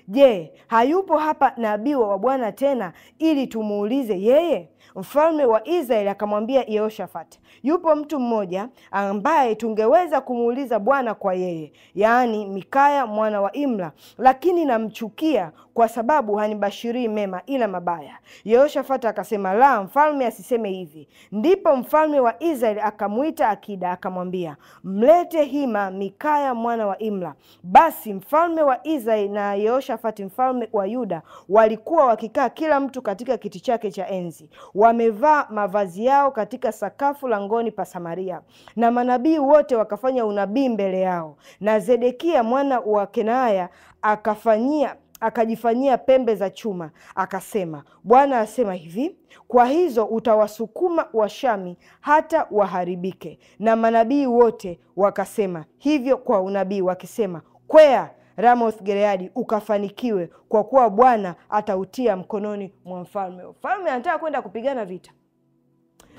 je, hayupo hapa nabii wa Bwana tena ili tumuulize yeye? Mfalme wa Israeli akamwambia Yehoshafati, yupo mtu mmoja ambaye tungeweza kumuuliza Bwana kwa yeye, yaani Mikaya mwana wa Imla, lakini namchukia kwa sababu hanibashirii mema ila mabaya. Yehoshafati akasema, la, mfalme asiseme hivi. Ndipo mfalme wa Israeli akamwita akida akamwambia, mlete hima Mikaya mwana wa Imla. Basi mfalme wa Israeli na Yehoshafati mfalme wa Yuda walikuwa wakikaa kila mtu katika kiti chake cha enzi wamevaa mavazi yao katika sakafu langoni pa Samaria, na manabii wote wakafanya unabii mbele yao. Na Zedekia mwana wa Kenaya akafanyia akajifanyia pembe za chuma, akasema, Bwana asema hivi, kwa hizo utawasukuma Washami hata waharibike. Na manabii wote wakasema hivyo kwa unabii, wakisema, kwea Ramoth gereadi ukafanikiwe, kwa kuwa Bwana atautia mkononi mwa mfalme. Mfalme anataka kwenda kupigana vita,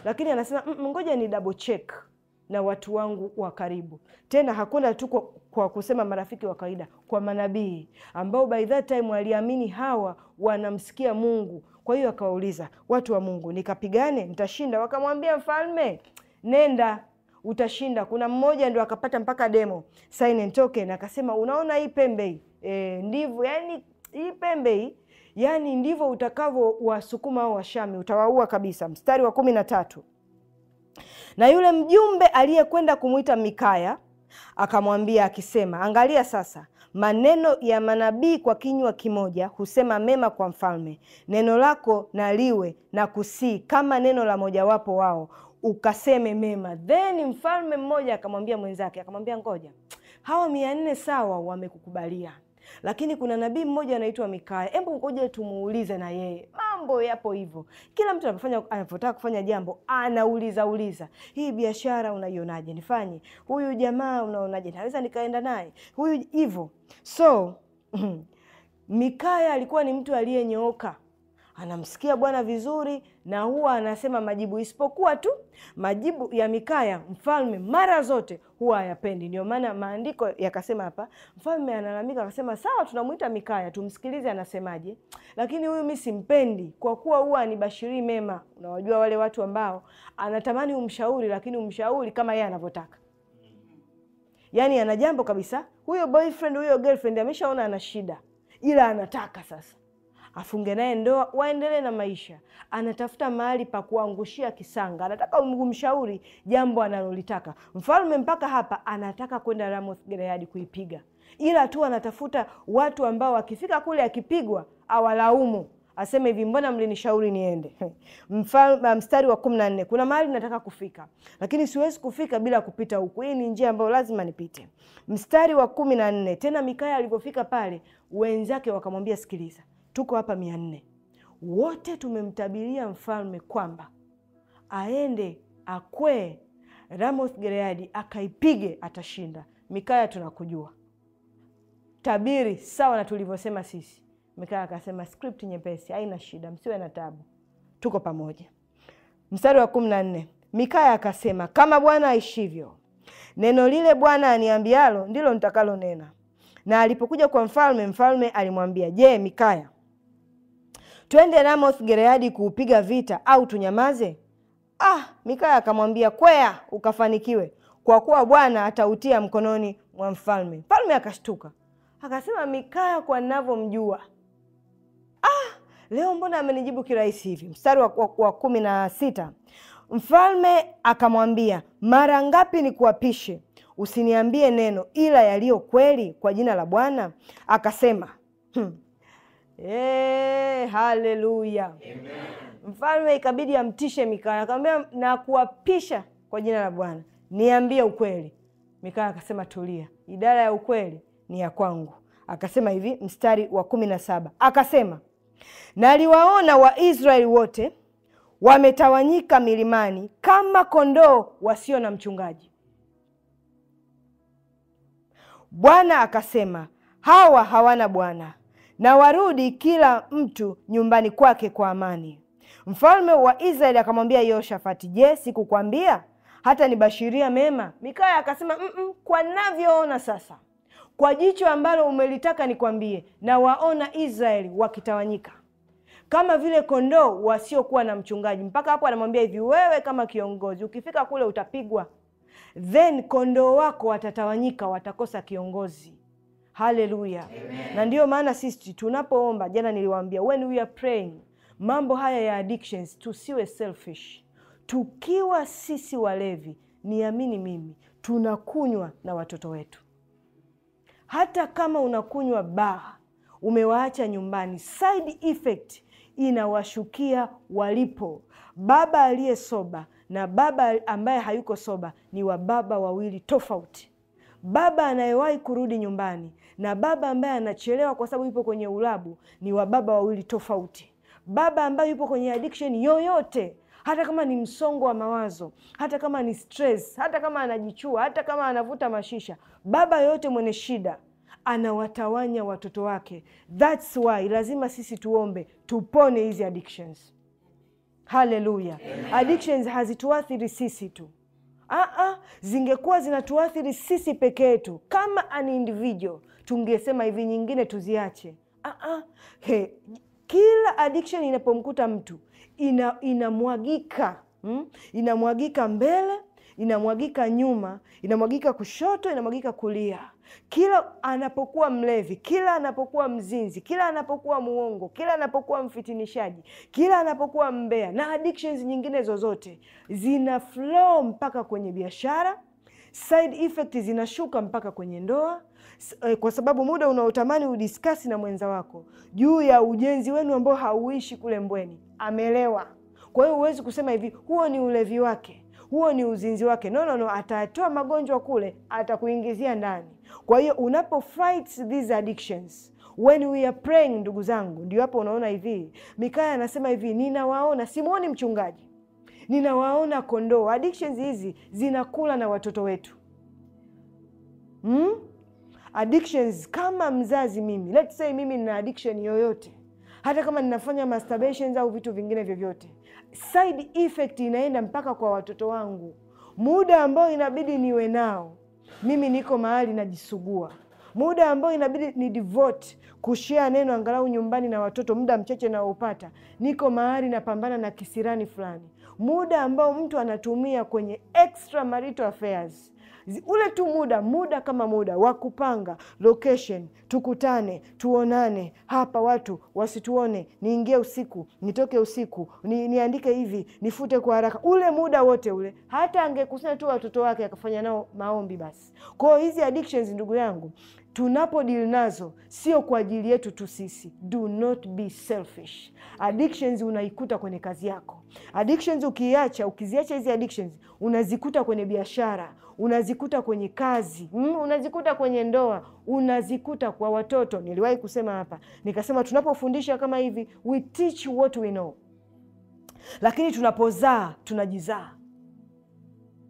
lakini anasema mm, mm, ngoja ni double check na watu wangu wa karibu. Tena hakuna tu kwa kusema marafiki wa kawaida, kwa manabii ambao by that time waliamini hawa wanamsikia Mungu. Kwa hiyo akawauliza watu wa Mungu, nikapigane? Nitashinda? Wakamwambia mfalme, nenda utashinda. Kuna mmoja ndio akapata mpaka demo sign and token, akasema unaona hii pembe e, ndivyo yani hii pembe yani ndivyo utakavyo wasukuma au washami utawaua kabisa. Mstari wa kumi na tatu na yule mjumbe aliyekwenda kumwita Mikaya akamwambia akisema, angalia sasa maneno ya manabii kwa kinywa kimoja husema mema kwa mfalme. Neno lako na liwe na kusii kama neno la mojawapo wao, ukaseme mema. Then mfalme mmoja akamwambia mwenzake, akamwambia ngoja, hawa mia nne sawa, wamekukubalia lakini kuna nabii mmoja anaitwa Mikaya, hebu ngoja tumuulize na yeye. Mambo yapo hivyo, kila mtu anapofanya anapotaka kufanya jambo anauliza uliza, hii biashara unaionaje? Nifanye huyu jamaa unaonaje? Naweza nikaenda naye huyu hivyo. So Mikaya alikuwa ni mtu aliyenyooka anamsikia Bwana vizuri na huwa anasema majibu, isipokuwa tu majibu ya Mikaya mfalme mara zote huwa hayapendi. Ndio maana maandiko yakasema hapa, mfalme analalamika akasema, sawa, tunamwita Mikaya tumsikilize anasemaje, lakini huyu mi simpendi, kwa kuwa huwa anibashirii mema. Unawajua wale watu ambao anatamani umshauri, lakini umshauri kama yeye anavyotaka yaani ana jambo kabisa. Huyo boyfriend huyo girlfriend ameshaona ana shida, ila anataka sasa afunge naye ndoa, waendelee na maisha. Anatafuta mahali pa kuangushia kisanga, anataka umshauri jambo analolitaka. Mfalme mpaka hapa anataka kwenda Ramoth Gileadi kuipiga, ila tu anatafuta watu ambao wakifika kule akipigwa awalaumu aseme hivi, mbona mlinishauri niende? Mfalme, ah, mstari wa kumi na nne kuna mahali nataka kufika, lakini siwezi kufika bila kupita huku. Hii ni njia ambayo lazima nipite. Mstari wa kumi na nne tena Mikaya alivyofika pale, wenzake wakamwambia, sikiliza tuko hapa mia nne wote tumemtabiria mfalme kwamba aende akwee Ramoth gereadi akaipige, atashinda. Mikaya, tunakujua tabiri sawa na tulivyosema sisi. Mikaya akasema script nyepesi, haina shida, msiwe na tabu, tuko pamoja. Mstari wa kumi na nne Mikaya akasema, kama Bwana aishivyo, neno lile Bwana aniambialo ndilo nitakalonena. Na alipokuja kwa mfalme, mfalme alimwambia, je, Mikaya twende Ramoth gereadi kuupiga vita au tunyamaze? Ah, Mikaya akamwambia kwea, ukafanikiwe, kwa kuwa Bwana atautia mkononi mwa mfalme. Mfalme akashtuka akasema, Mikaya kwa navyomjua, ah, leo mbona amenijibu kirahisi hivi? Mstari wa, wa, wa kumi na sita mfalme akamwambia, mara ngapi nikuapishe usiniambie neno ila yaliyo kweli kwa jina la Bwana? Akasema hmm. Hey, eh, haleluya. Mfalme ikabidi amtishe Mikaya, akamwambia kuapisha kwa jina la Bwana, niambie ukweli. Mikaya akasema tulia, idara ya ukweli ni ya kwangu. Akasema hivi, mstari wa kumi na saba akasema naliwaona Waisraeli wote wametawanyika milimani kama kondoo wasio na mchungaji. Bwana akasema hawa hawana bwana na warudi kila mtu nyumbani kwake kwa amani. Mfalme wa Israeli akamwambia Yehoshafati, je, sikukwambia hata nibashiria mema? Mikaya akasema mm -mm, kwa navyoona sasa, kwa jicho ambalo umelitaka nikwambie, na waona Israeli wakitawanyika kama vile kondoo wasiokuwa na mchungaji. Mpaka hapo anamwambia hivi, wewe kama kiongozi ukifika kule utapigwa, then kondoo wako watatawanyika, watakosa kiongozi. Haleluya, na ndiyo maana sisi tunapoomba, jana niliwaambia, when we are praying, mambo haya ya addictions tusiwe selfish. Tukiwa sisi walevi, niamini mimi, tunakunywa na watoto wetu. Hata kama unakunywa baa, umewaacha nyumbani, side effect inawashukia walipo. Baba aliye soba na baba ambaye hayuko soba ni wa baba wawili tofauti. Baba anayewahi kurudi nyumbani na baba ambaye anachelewa kwa sababu yupo kwenye ulabu ni wa baba wawili tofauti. Baba ambaye yupo kwenye addiction yoyote hata kama ni msongo wa mawazo, hata kama ni stress, hata kama anajichua, hata kama anavuta mashisha, baba yoyote mwenye shida anawatawanya watoto wake. That's why lazima sisi tuombe tupone hizi addictions. Haleluya! Addictions hazituathiri sisi tu, Aa, ah, ah, zingekuwa zinatuathiri sisi peke yetu kama an individual, tungesema hivi nyingine tuziache. Aa, ah, he, kila addiction inapomkuta mtu ina, inamwagika hmm? inamwagika mbele inamwagika nyuma, inamwagika kushoto, inamwagika kulia. Kila anapokuwa mlevi, kila anapokuwa mzinzi, kila anapokuwa muongo, kila anapokuwa mfitinishaji, kila anapokuwa mbea na addictions nyingine zozote, zina flow mpaka kwenye biashara. Side effect zinashuka mpaka kwenye ndoa, eh, kwa sababu muda unaotamani udiskasi na mwenza wako juu ya ujenzi wenu ambao hauishi kule Mbweni, amelewa. Kwa hiyo huwezi kusema hivi huo ni ulevi wake huo ni uzinzi wake. No, no, no, atatoa magonjwa kule, atakuingizia ndani. Kwa hiyo unapo fight these addictions when we are praying, ndugu zangu, ndio hapo unaona hivi Mikaya anasema hivi, ninawaona, simuoni mchungaji, ninawaona kondoo. Addictions hizi zinakula na watoto wetu hmm? Addictions kama mzazi mimi, let's say mimi nina addiction yoyote, hata kama ninafanya masturbations au vitu vingine vyovyote side effect inaenda mpaka kwa watoto wangu. Muda ambao inabidi niwe nao mimi niko mahali najisugua, muda ambao inabidi ni devote kushia neno angalau nyumbani na watoto, muda mchache naopata niko mahali napambana na kisirani fulani, muda ambao mtu anatumia kwenye extra marital affairs ule tu muda muda kama muda wa kupanga location, tukutane, tuonane hapa, watu wasituone, niingie usiku, nitoke usiku, ni, niandike hivi, nifute kwa haraka, ule muda wote ule. Hata angekusanya tu watoto wake akafanya nao maombi basi. kwao hizi addictions, ndugu yangu tunapo tunapodili nazo sio kwa ajili yetu tu sisi. Do not be selfish. Addictions unaikuta kwenye kazi yako, addictions ukiacha, ukiziacha hizi addictions unazikuta kwenye biashara unazikuta kwenye kazi mm, unazikuta kwenye ndoa, unazikuta kwa watoto. Niliwahi kusema hapa nikasema, tunapofundisha kama hivi, we teach what we know, lakini tunapozaa tunajizaa.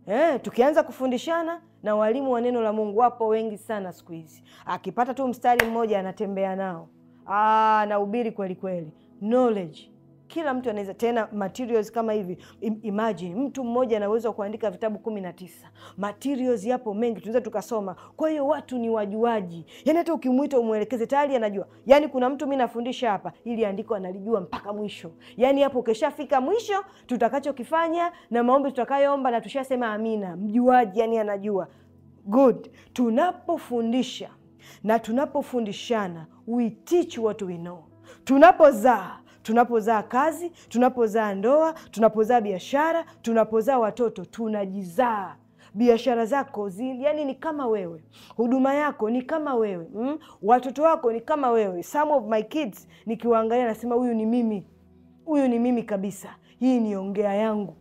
Eh, tukianza kufundishana na walimu wa neno la Mungu wapo wengi sana siku hizi, akipata tu mstari mmoja anatembea nao, ah, kwelikweli kweli kweli knowledge kila mtu anaweza tena materials kama hivi. Imagine mtu mmoja anaweza kuandika vitabu kumi na tisa. Materials yapo mengi, tunaweza tukasoma. Kwa hiyo watu ni wajuaji, yani hata ukimwita umwelekeze tayari anajua. yani kuna mtu mi nafundisha hapa, ili andiko analijua mpaka mwisho. yani hapo ukishafika mwisho, tutakachokifanya na maombi tutakayoomba, na tushasema amina, mjuaji, yani anajua good. Tunapofundisha na tunapofundishana, we teach what we know. Tunapozaa tunapozaa kazi, tunapozaa ndoa, tunapozaa biashara, tunapozaa watoto, tunajizaa biashara zako zi, yani ni kama wewe, huduma yako ni kama wewe mm? watoto wako ni kama wewe. Some of my kids nikiwaangalia nasema huyu ni mimi, huyu ni mimi kabisa, hii ni ongea yangu.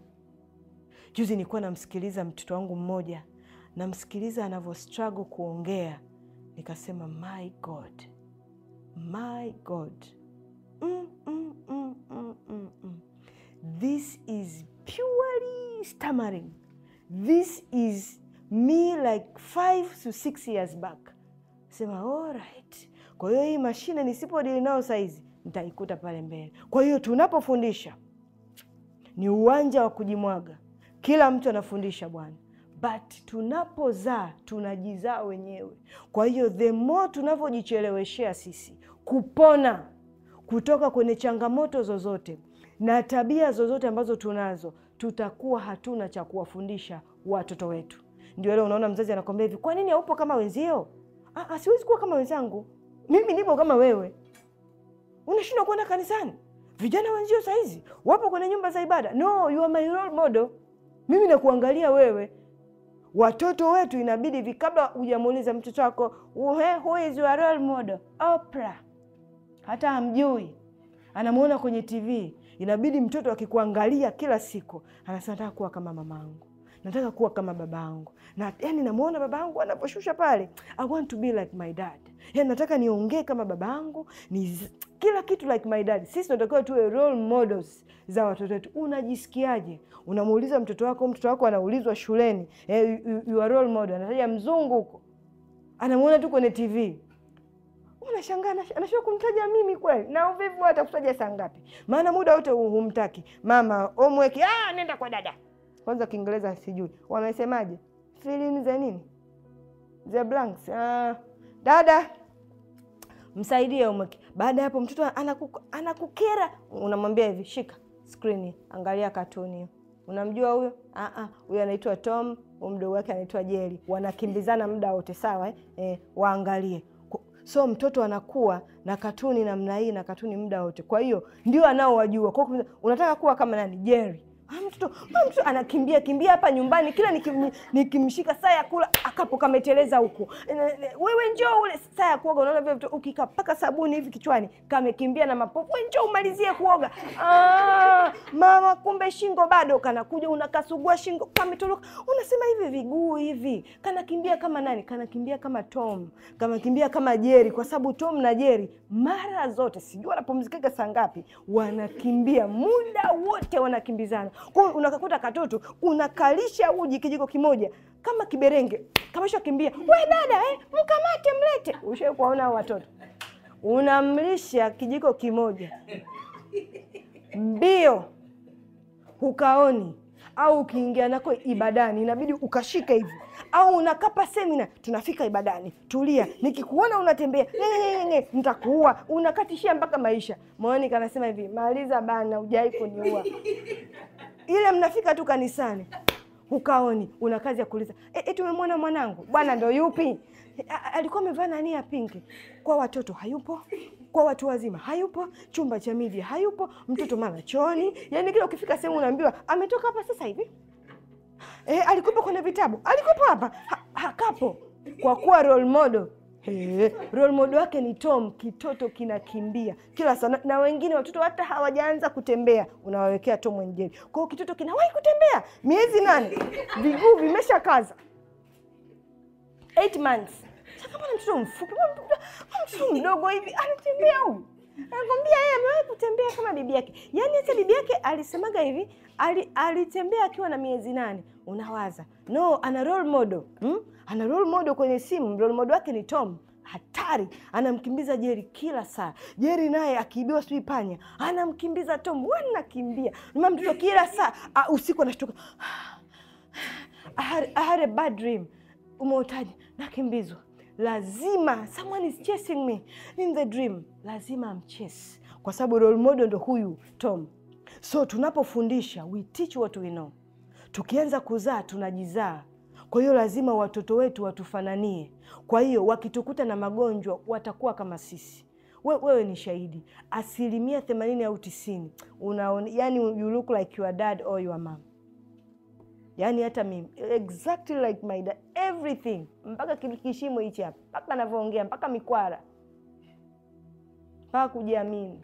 Juzi nilikuwa namsikiliza mtoto wangu mmoja, namsikiliza anavyo struggle kuongea, nikasema my God, my God Mm, mm, mm, this is purely stammering. This is me like five to six years back. Sema alright. Kwa hiyo hii mashine nisipodili nao saizi ntaikuta pale mbele. Kwa hiyo tunapofundisha ni uwanja wa kujimwaga, kila mtu anafundisha bwana, but tunapozaa tunajizaa wenyewe. Kwa hiyo the more tunavyojicheleweshea sisi kupona kutoka kwenye changamoto zozote na tabia zozote ambazo tunazo, tutakuwa hatuna cha kuwafundisha watoto wetu. Ndio leo unaona mzazi anakwambia hivi, kwa nini haupo kama wenzio? Ah, ah, siwezi kuwa kama wenzangu, mimi nipo kama wewe. Unashindwa kuenda kanisani? Vijana wenzio saizi wapo kwenye nyumba za ibada. No, you are my role model. Mimi nakuangalia wewe. Watoto wetu inabidi hivi, kabla hujamuuliza mtoto wako who is your role model, Oprah hata hamjui, anamwona kwenye TV. Inabidi mtoto akikuangalia kila siku anasema nataka kuwa kama mamangu, nataka kuwa kama babangu, na yani namwona babangu anaposhusha pale, I want to be like my dad, yani nataka niongee kama babangu, ni kila kitu like my dad. Sisi tunatakiwa tuwe role models za watoto wetu. Unajisikiaje? Unamuuliza mtoto wako, mtoto wako anaulizwa shuleni, eh, you are role model, anataja mzungu huko, anamwona tu kwenye TV Unashangaa anashindwa kumtaja mimi kweli, na uvivu atakutaja saa ngapi? Maana muda wote humtaki mama omweki, ah, nenda kwa dada kwanza. Kiingereza sijui wamesemaje, filini za nini, the blanks. Ah, dada msaidie omweki. Baada ya hapo mtoto anakuku, anakukera, unamwambia hivi, shika screen, angalia katuni Unamjua huyo? Ah, ah, huyo anaitwa Tom, mdogo wake anaitwa Jerry. Wanakimbizana muda wote, sawa eh? Eh, waangalie. So mtoto anakuwa na katuni namna hii na katuni muda wote, kwa hiyo ndio anaowajua. Unataka kuwa kama nani? Jerry Ah, mtoto mtoto anakimbia kimbia hapa nyumbani, kila nikimshika saa ya kula akapo kameteleza huko. Wewe njoo ule saa ya kuoga, unaona vile paka sabuni hivi kichwani kamekimbia na mapofu. Wewe njoo umalizie kuoga. Ah, mama, kumbe shingo bado kanakuja, unakasugua shingo kametoroka. Unasema hivi viguu hivi kanakimbia kama nani? Kanakimbia kama Tom, kanakimbia kama Jerry, kwa sababu Tom na Jerry mara zote sijui wanapumzikika saa ngapi, wanakimbia muda wote, wanakimbizana kwa hiyo unakakuta katoto unakalisha uji kijiko kimoja kama kiberenge, kamesha kimbia, we dada eh, mkamate mlete. Ushawahi kuwaona watoto unamlisha kijiko kimoja mbio, hukaoni au ukiingia nako ibadani inabidi ukashika hivi, au unakapa semina, tunafika ibadani, tulia, nikikuona unatembea nitakuua, unakatishia mpaka maisha. Monika kanasema hivi, maliza bana, hujai kuniua ile mnafika tu kanisani ukaoni una kazi ya kuuliza e, e, tumemwona mwanangu bwana, ndo yupi? A, alikuwa amevaa nani ya pinki? Kwa watoto hayupo, kwa watu wazima hayupo, chumba cha midia hayupo, mtoto mara chooni. Yani kila ukifika sehemu unaambiwa ametoka hapa sasa hivi. E, eh, alikupo kwenye vitabu, alikupo hapa ha, hakapo. Kwa kuwa role model Hey, role model wake ni Tom, kitoto kinakimbia kila sana, na wengine watoto hata hawajaanza kutembea unawawekea Tom and Jerry. Kwa hiyo kitoto kinawahi kutembea miezi nane, viguu vimesha kaza eight months. Kama mtoto mfupi, mtoto mdogo hivi anatembea huyu, anakwambia yeye amewahi kutembea kama bibi yake. Yaani hata bibi yake alisemaga hivi, alitembea akiwa na miezi nane. Unawaza no, ana role model hmm? ana role model kwenye simu, role model wake ni Tom hatari, anamkimbiza Jeri kila saa. Jeri naye akiibiwa sijui panya, anamkimbiza Tom, wanakimbia nyuma mtoto kila saa. Ah, usiku anashtuka ahare bad dream, umeotaji nakimbizwa. Lazima someone is chasing me in the dream, lazima amchase, kwa sababu role model ndo huyu Tom. So tunapofundisha we teach what we know. Tukianza kuzaa tunajizaa kwa hiyo lazima watoto wetu watufananie. Kwa hiyo wakitukuta na magonjwa watakuwa kama sisi. We, wewe ni shahidi, asilimia themanini au tisini unaona, yani you look like your dad or your mom. Yani hata mimi exactly like my dad, everything mpaka kishimo hichi hapa, mpaka anavyoongea, mpaka mikwara, mpaka kujiamini.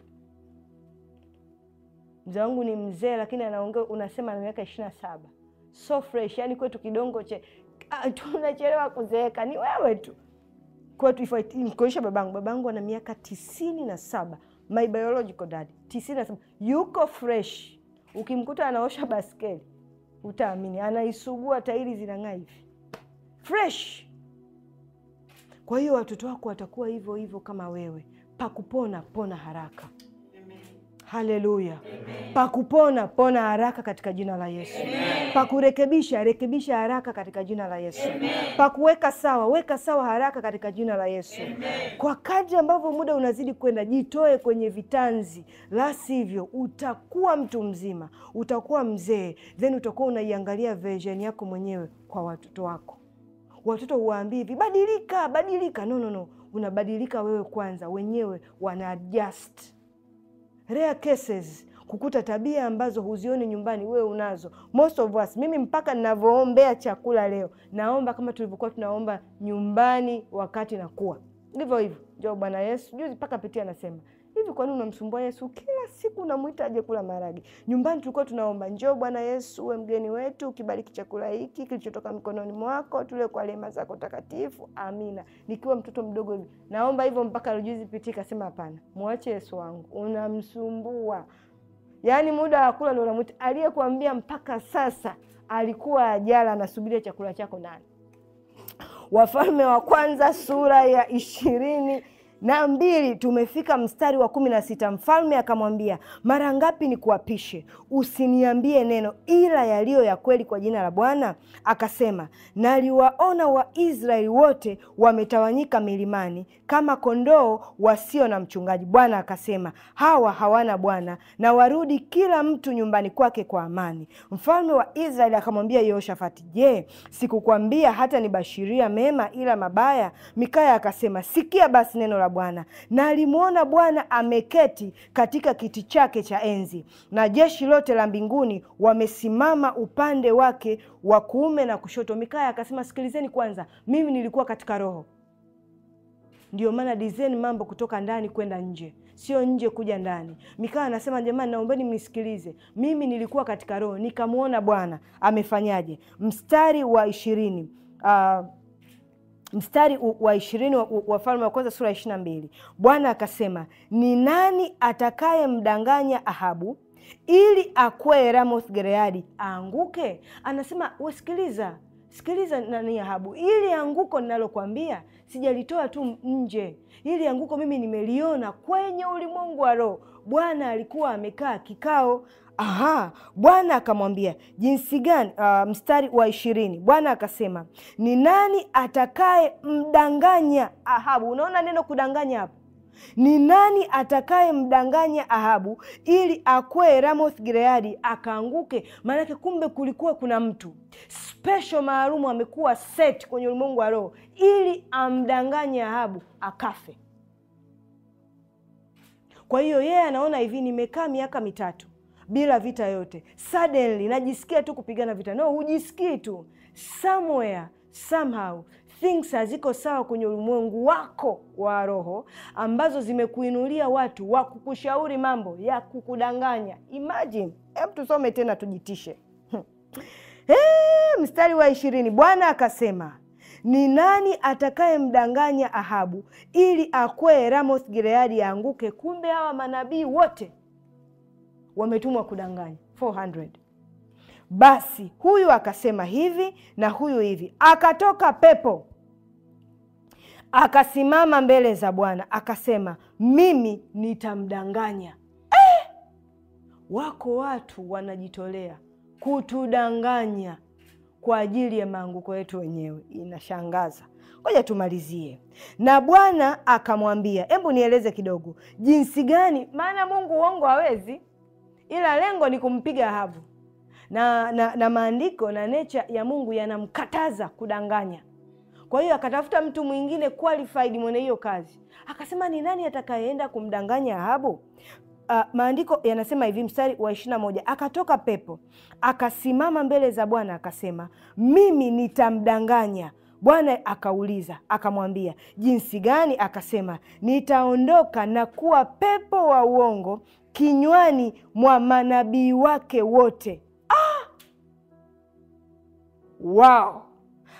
Mzee wangu ni mzee, lakini anaongea unasema ana miaka ishirini na saba so fresh. Yani kwetu kidongo che ah, tunachelewa kuzeeka ni wewe tu kwetu. Nikuonyesha babangu, babangu ana miaka tisini na saba, my biological dad tisini na saba, yuko fresh. Ukimkuta anaosha baskeli utaamini, anaisugua tairi zinang'aa hivi fresh. Kwa hiyo watoto wako watakuwa hivyo hivyo kama wewe, pakupona pona haraka. Haleluya! Pakupona, pona haraka katika jina la Yesu. Pakurekebisha, rekebisha haraka katika jina la Yesu. Pakuweka sawa, weka sawa haraka katika jina la Yesu. Kwa kadri ambavyo muda unazidi kwenda, jitoe kwenye vitanzi, la sivyo utakuwa mtu mzima, utakuwa mzee, then utakuwa unaiangalia version yako mwenyewe kwa watoto wako. Watoto huwaambii hivi, badilika, badilika. No, no, no, unabadilika wewe kwanza, wenyewe wana adjust rare cases kukuta tabia ambazo huzioni nyumbani wewe unazo. Most of us, mimi mpaka ninavyoombea chakula leo naomba kama tulivyokuwa tunaomba nyumbani wakati nakuwa, hivyo hivyo. Ndio Bwana Yesu juzi mpaka pitia anasema hivi kwani unamsumbua Yesu? Kila siku unamwita aje kula maragi. Nyumbani tulikuwa tunaomba njoo Bwana Yesu uwe mgeni wetu, ukibariki chakula hiki kilichotoka mikononi mwako, tule kwa lema zako takatifu, amina. Nikiwa mtoto mdogo hivi naomba hivyo mpaka juzi piti ikasema, hapana, mwache Yesu wangu, unamsumbua. Yaani muda wa kula ndio unamwita. Aliyekuambia mpaka sasa alikuwa ajala anasubiria chakula chako nani? Wafalme wa Kwanza sura ya ishirini na mbili, tumefika mstari wa kumi na sita. Mfalme akamwambia, mara ngapi ni kuapishe usiniambie neno ila yaliyo ya kweli kwa jina la Bwana? Akasema, naliwaona Waisraeli wote wametawanyika milimani kama kondoo wasio na mchungaji. Bwana akasema, hawa hawana bwana, na warudi kila mtu nyumbani kwake kwa amani. Mfalme wa Israeli akamwambia Yehoshafati, je, sikukwambia hata nibashiria mema ila mabaya? Mikaya akasema, sikia basi neno la Bwana. Na alimwona Bwana ameketi katika kiti chake cha enzi, na jeshi lote la mbinguni wamesimama upande wake wa kuume na kushoto. Mikaya akasema, sikilizeni kwanza, mimi nilikuwa katika roho ndio maana design mambo kutoka ndani kwenda nje, sio nje kuja ndani. mikaa anasema jamani, naombeni mnisikilize, mimi nilikuwa katika roho nikamwona Bwana amefanyaje. Mstari wa ishirini uh, mstari wa ishirini Wafalme wa Kwanza sura ya ishirini na mbili Bwana akasema, ni nani atakayemdanganya Ahabu ili akwee Ramoth gereadi aanguke? Anasema wesikiliza Sikiliza nani Ahabu, ili anguko ninalokwambia sijalitoa tu nje. Ili anguko mimi nimeliona kwenye ulimwengu wa roho. Bwana alikuwa amekaa kikao. Aha, Bwana akamwambia jinsi gani? Uh, mstari wa ishirini, Bwana akasema ni nani atakaye mdanganya Ahabu? Unaona neno kudanganya hapo ni nani atakayemdanganya Ahabu ili akwee Ramoth Gileadi akaanguke? Maanake kumbe kulikuwa kuna mtu special maalumu amekuwa set kwenye ulimwengu wa roho ili amdanganye Ahabu akafe. Kwa hiyo yeye anaona hivi, nimekaa miaka mitatu bila vita yote, suddenly najisikia tu kupigana vita. No, hujisikii tu, somewhere somehow things haziko sawa kwenye ulimwengu wako wa roho, ambazo zimekuinulia watu wa kukushauri mambo ya kukudanganya. Imagine, hebu tusome tena, tujitishe. Hey, mstari wa ishirini, Bwana akasema ni nani atakayemdanganya Ahabu ili akwee Ramoth gireadi aanguke? Kumbe hawa manabii wote wametumwa kudanganya 400. Basi huyu akasema hivi na huyu hivi, akatoka pepo akasimama mbele za Bwana akasema, mimi nitamdanganya. Eh! Wako watu wanajitolea kutudanganya kwa ajili ya maanguko yetu wenyewe. Inashangaza. Ngoja tumalizie. Na Bwana akamwambia, hebu nieleze kidogo jinsi gani, maana Mungu uongo hawezi, ila lengo ni kumpiga havu na, na, na maandiko na necha ya Mungu yanamkataza kudanganya. Kwa hiyo akatafuta mtu mwingine qualified mwenye hiyo kazi, akasema ni nani atakayeenda kumdanganya Ahabu? Uh, maandiko yanasema hivi, mstari wa ishirini na moja akatoka pepo akasimama mbele za Bwana akasema, mimi nitamdanganya Bwana akauliza akamwambia, jinsi gani? Akasema, nitaondoka na kuwa pepo wa uongo kinywani mwa manabii wake wote. Ah! Wow!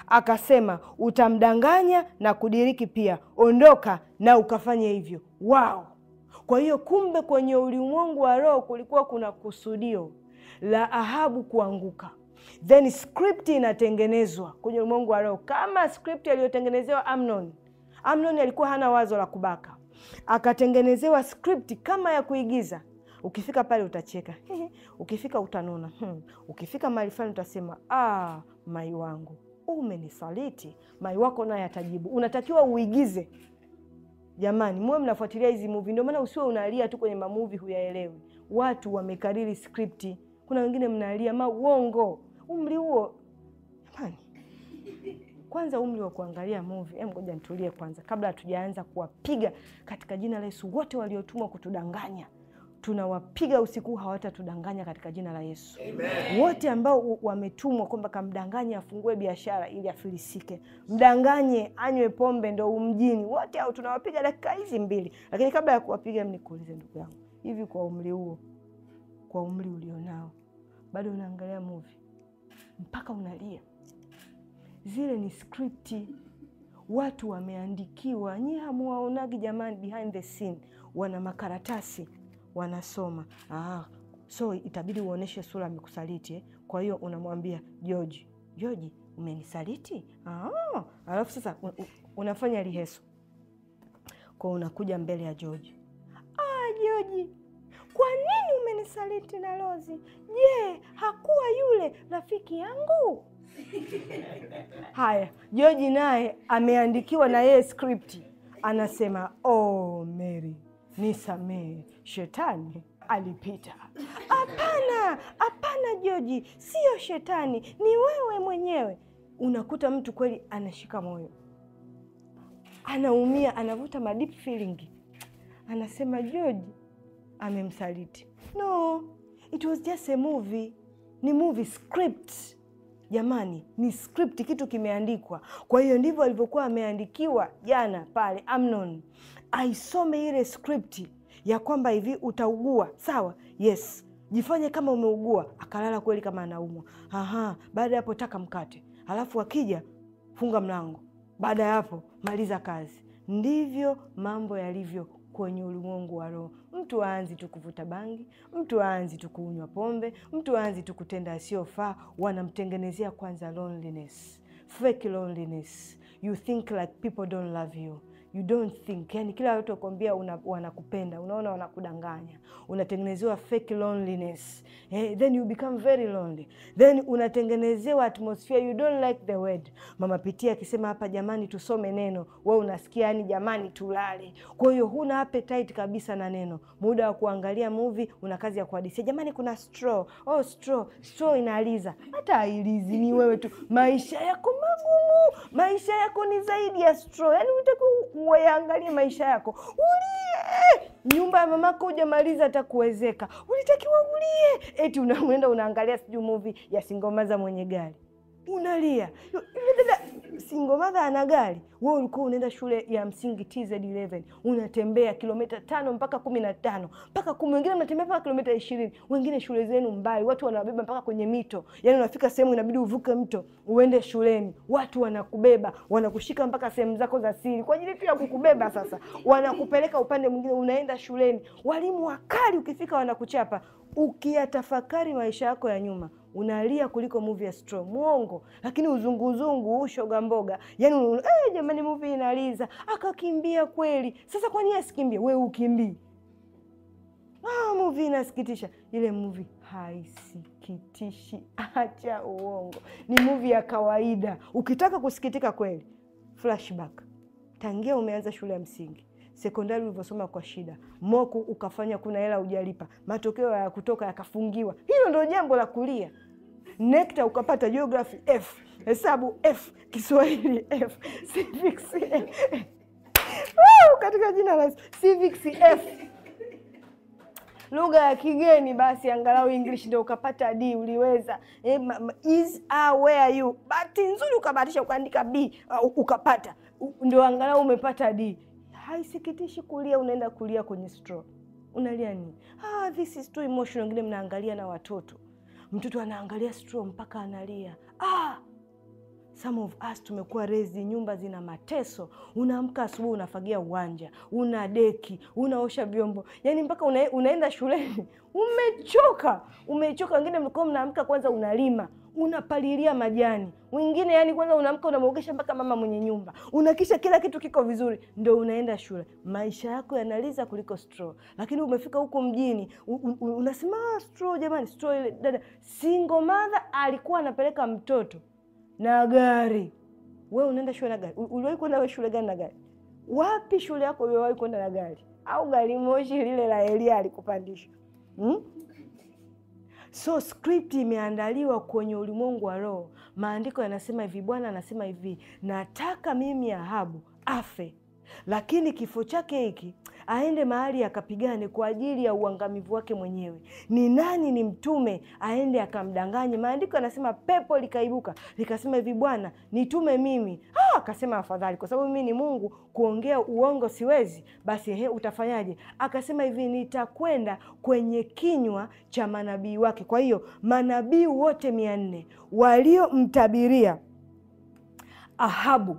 akasema utamdanganya na kudiriki pia, ondoka na ukafanya hivyo. Wao, kwa hiyo kumbe kwenye ulimwengu wa roho kulikuwa kuna kusudio la Ahabu kuanguka, then script inatengenezwa kwenye ulimwengu wa roho kama script aliyotengenezewa Amnon. Amnon alikuwa hana wazo la kubaka, akatengenezewa script kama ya kuigiza Ukifika pale utacheka, ukifika utanona, hmm. ukifika mahali fulani utasema ah, mai wangu umenisaliti, mai wako naye atajibu. Unatakiwa uigize. Jamani, muwe mnafuatilia hizi muvi, ndio maana usiwe unalia tu kwenye mamuvi huyaelewi. Watu wamekariri skripti, kuna wengine mnalia mauongo. Umri huo jamani, kwanza umri wa kuangalia muvi. Em, ngoja nitulie kwanza, kabla hatujaanza kuwapiga katika jina la Yesu wote waliotumwa kutudanganya tunawapiga usiku, hawatatudanganya katika jina la Yesu. Amen. Wote ambao wametumwa kwamba kamdanganye afungue biashara ili afilisike, mdanganye anywe pombe ndo umjini, wote hao tunawapiga dakika hizi mbili. Lakini kabla ya kuwapiga, mnikuulize ndugu yangu, hivi kwa umri huo, kwa umri ulionao, bado unaangalia movie mpaka unalia? Zile ni skripti watu wameandikiwa. Nyie hamuwaonagi jamani, behind the scene wana makaratasi wanasoma ah, so itabidi uoneshe sura amekusaliti eh. Kwa hiyo unamwambia Joji, Joji umenisaliti. Ah, alafu sasa un, un, unafanya liheso kwa unakuja mbele ya Joji. Ah, Joji kwa nini umenisaliti na Lozi? Je, hakuwa yule rafiki yangu? Haya, Joji naye ameandikiwa na yeye skripti, anasema oh, Mary nisamehe, shetani alipita. Hapana, hapana Joji, siyo shetani, ni wewe mwenyewe. Unakuta mtu kweli anashika moyo, anaumia, anavuta madip feeling, anasema Joji amemsaliti. No, it was just a movie, ni movie script Jamani, ni script, kitu kimeandikwa. Kwa hiyo ndivyo alivyokuwa ameandikiwa jana pale Amnon, aisome ile skripti ya kwamba hivi utaugua, sawa, yes, jifanye kama umeugua, akalala kweli kama anaumwa. Aha, baada ya hapo taka mkate, alafu akija funga mlango, baada ya hapo maliza kazi. Ndivyo mambo yalivyo kwenye ulimwengu wa roho. Mtu aanzi tu kuvuta bangi, mtu aanzi tu kunywa pombe, mtu aanzi tu kutenda asiofaa Wanamtengenezea kwanza loneliness, fake loneliness. You think like people don't love you you don't think, yani kila watu wakwambia wanakupenda, unaona wanakudanganya unatengenezewa fake loneliness eh, then you become very lonely, then unatengenezewa atmosphere you don't like the word. Mama Pitia akisema hapa, jamani tusome neno, wewe unasikia yani, jamani tulale. Kwa hiyo huna appetite kabisa na neno, muda wa kuangalia movie una kazi ya kuhadisia, jamani kuna straw. Oh, straw straw inaaliza, hata ailizi ni wewe tu. Maisha yako magumu, maisha yako ni zaidi ya straw, yani unataka uangalie maisha yako ulie nyumba ya mamako hujamaliza hata kuwezeka, ulitakiwa ulie. Eti unaenda unaangalia sijui movie ya za mwenye gari unalia. Yule dada single mother ana gari, wewe ulikuwa unaenda shule ya msingi TZ11 unatembea kilomita tano mpaka kumi na tano mpaka kumi, wengine mnatembea mpaka kilomita ishirini, wengine shule zenu mbali, watu wanawabeba mpaka kwenye mito, yani unafika sehemu inabidi uvuke mto uende shuleni, watu wanakubeba wanakushika mpaka sehemu zako za siri kwa ajili tu ya kukubeba. Sasa wanakupeleka upande mwingine, unaenda shuleni, walimu wakali, ukifika wanakuchapa. Ukiyatafakari maisha yako ya nyuma unalia kuliko movie ya Straw. Mwongo, lakini uzunguzungu, ushoga mboga, yani eh, jamani, movie inaliza, akakimbia kweli. Sasa kwa nini asikimbie? wewe ukimbii? Ah, movie inasikitisha. Ile movie haisikitishi, acha uongo, ni movie ya kawaida. Ukitaka kusikitika kweli, flashback, tangia umeanza shule ya msingi sekondari ulivyosoma kwa shida, moku ukafanya, kuna hela ujalipa matokeo ya kutoka yakafungiwa. Hilo ndio jambo la kulia. NECTA ukapata geography F, hesabu F, Kiswahili F, civics katika jina la civics F, lugha ya kigeni basi angalau English ndio ukapata D, uliweza e, is are where you. Bahati nzuri ukabahatisha ukaandika B, uh, ukapata ndio angalau umepata D. Haisikitishi kulia, unaenda kulia kwenye straw, unalia nini? Ah, this is too emotional. Ngine mnaangalia na watoto mtoto anaangalia straw mpaka analia. Ah! Some of us tumekuwa rezi, nyumba zina mateso. Unaamka asubuhi, unafagia uwanja, una deki, unaosha vyombo, yani mpaka una, unaenda shuleni umechoka, umechoka. Wengine mlikuwa mnaamka kwanza unalima unapalilia majani, wengine yani kwanza unaamka unamwogesha mpaka mama mwenye nyumba, unakisha kila kitu kiko vizuri, ndo unaenda shule. Maisha yako yanaliza kuliko stro. Lakini umefika huko mjini unasema ah, stro, jamani, stro ile. Dada single mother alikuwa anapeleka mtoto na gari, wewe unaenda shule na gari. Uliwahi kwenda shule gani na gari? Wapi shule yako uliwahi kwenda na gari? Au gari moshi lile la Elia alikupandisha hmm? So script imeandaliwa kwenye ulimwengu wa roho. Maandiko yanasema hivi, Bwana anasema hivi, nataka mimi Ahabu afe, lakini kifo chake hiki aende mahali akapigane kwa ajili ya uangamivu wake mwenyewe? Ni nani ni mtume aende akamdanganye? Maandiko yanasema pepo likaibuka likasema hivi, Bwana nitume mimi. akasema afadhali, kwa sababu mimi ni Mungu, kuongea uongo siwezi. Basi he, utafanyaje? Akasema hivi, nitakwenda kwenye kinywa cha manabii wake. Kwa hiyo manabii wote mia nne waliomtabiria Ahabu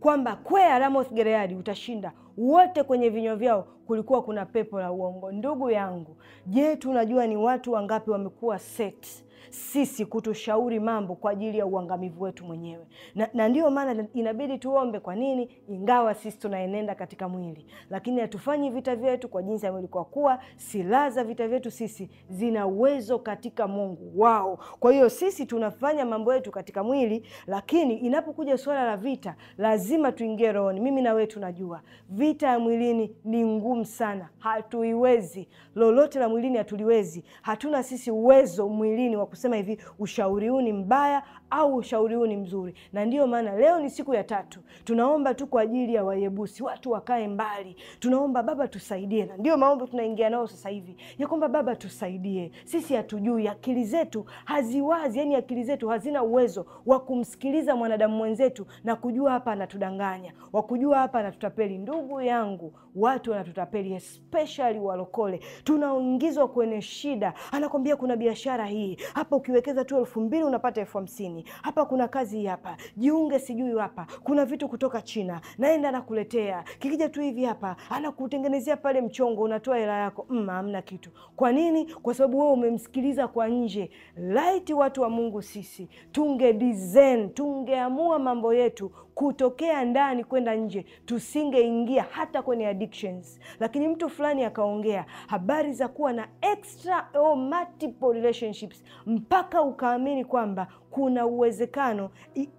kwamba kwea Ramoth gereadi utashinda wote kwenye vinywa vyao kulikuwa kuna pepo la uongo. Ndugu yangu, je, tunajua ni watu wangapi wamekuwa seti sisi kutushauri mambo kwa ajili ya uangamivu wetu mwenyewe, na, na ndiyo maana inabidi tuombe. Kwa nini? Ingawa sisi tunaenenda katika mwili, lakini hatufanyi vita vyetu kwa jinsi ya mwili, kwa kuwa silaha za vita vyetu sisi zina uwezo katika Mungu wao. Kwa hiyo sisi tunafanya mambo yetu katika mwili, lakini inapokuja suala la vita, lazima tuingie rohoni. Mimi na wewe tunajua vita ya mwilini ni ngumu sana, hatuiwezi lolote la mwilini, hatuliwezi, hatuna sisi uwezo mwilini wa anasema hivi, ushauri huu ni mbaya au ushauri huu ni mzuri, na ndiyo maana leo ni siku ya tatu. Tunaomba tu kwa ajili ya Wayebusi, watu wakae mbali. Tunaomba Baba tusaidie, na ndiyo maombi tunaingia nao sasa hivi ya kwamba Baba tusaidie, sisi hatujui, akili zetu haziwazi, yani akili zetu hazina uwezo wa kumsikiliza mwanadamu mwenzetu na kujua hapa anatudanganya, wa kujua hapa anatutapeli. Ndugu yangu, watu wanatutapeli, especially walokole. Tunaingizwa kwenye shida, anakwambia kuna biashara hii hapa, ukiwekeza tu elfu mbili unapata elfu hamsini nini, hapa kuna kazi hapa, jiunge sijui hapa, kuna vitu kutoka China, naenda nakuletea, kikija tu hivi hapa anakutengenezea pale mchongo, unatoa hela yako mm, hamna kitu. Kwa nini? Kwa sababu wewe umemsikiliza kwa nje. Laiti watu wa Mungu sisi tunge design, tungeamua mambo yetu kutokea ndani kwenda nje, tusingeingia hata kwenye addictions. Lakini mtu fulani akaongea habari za kuwa na extra or multiple relationships mpaka ukaamini kwamba kuna uwezekano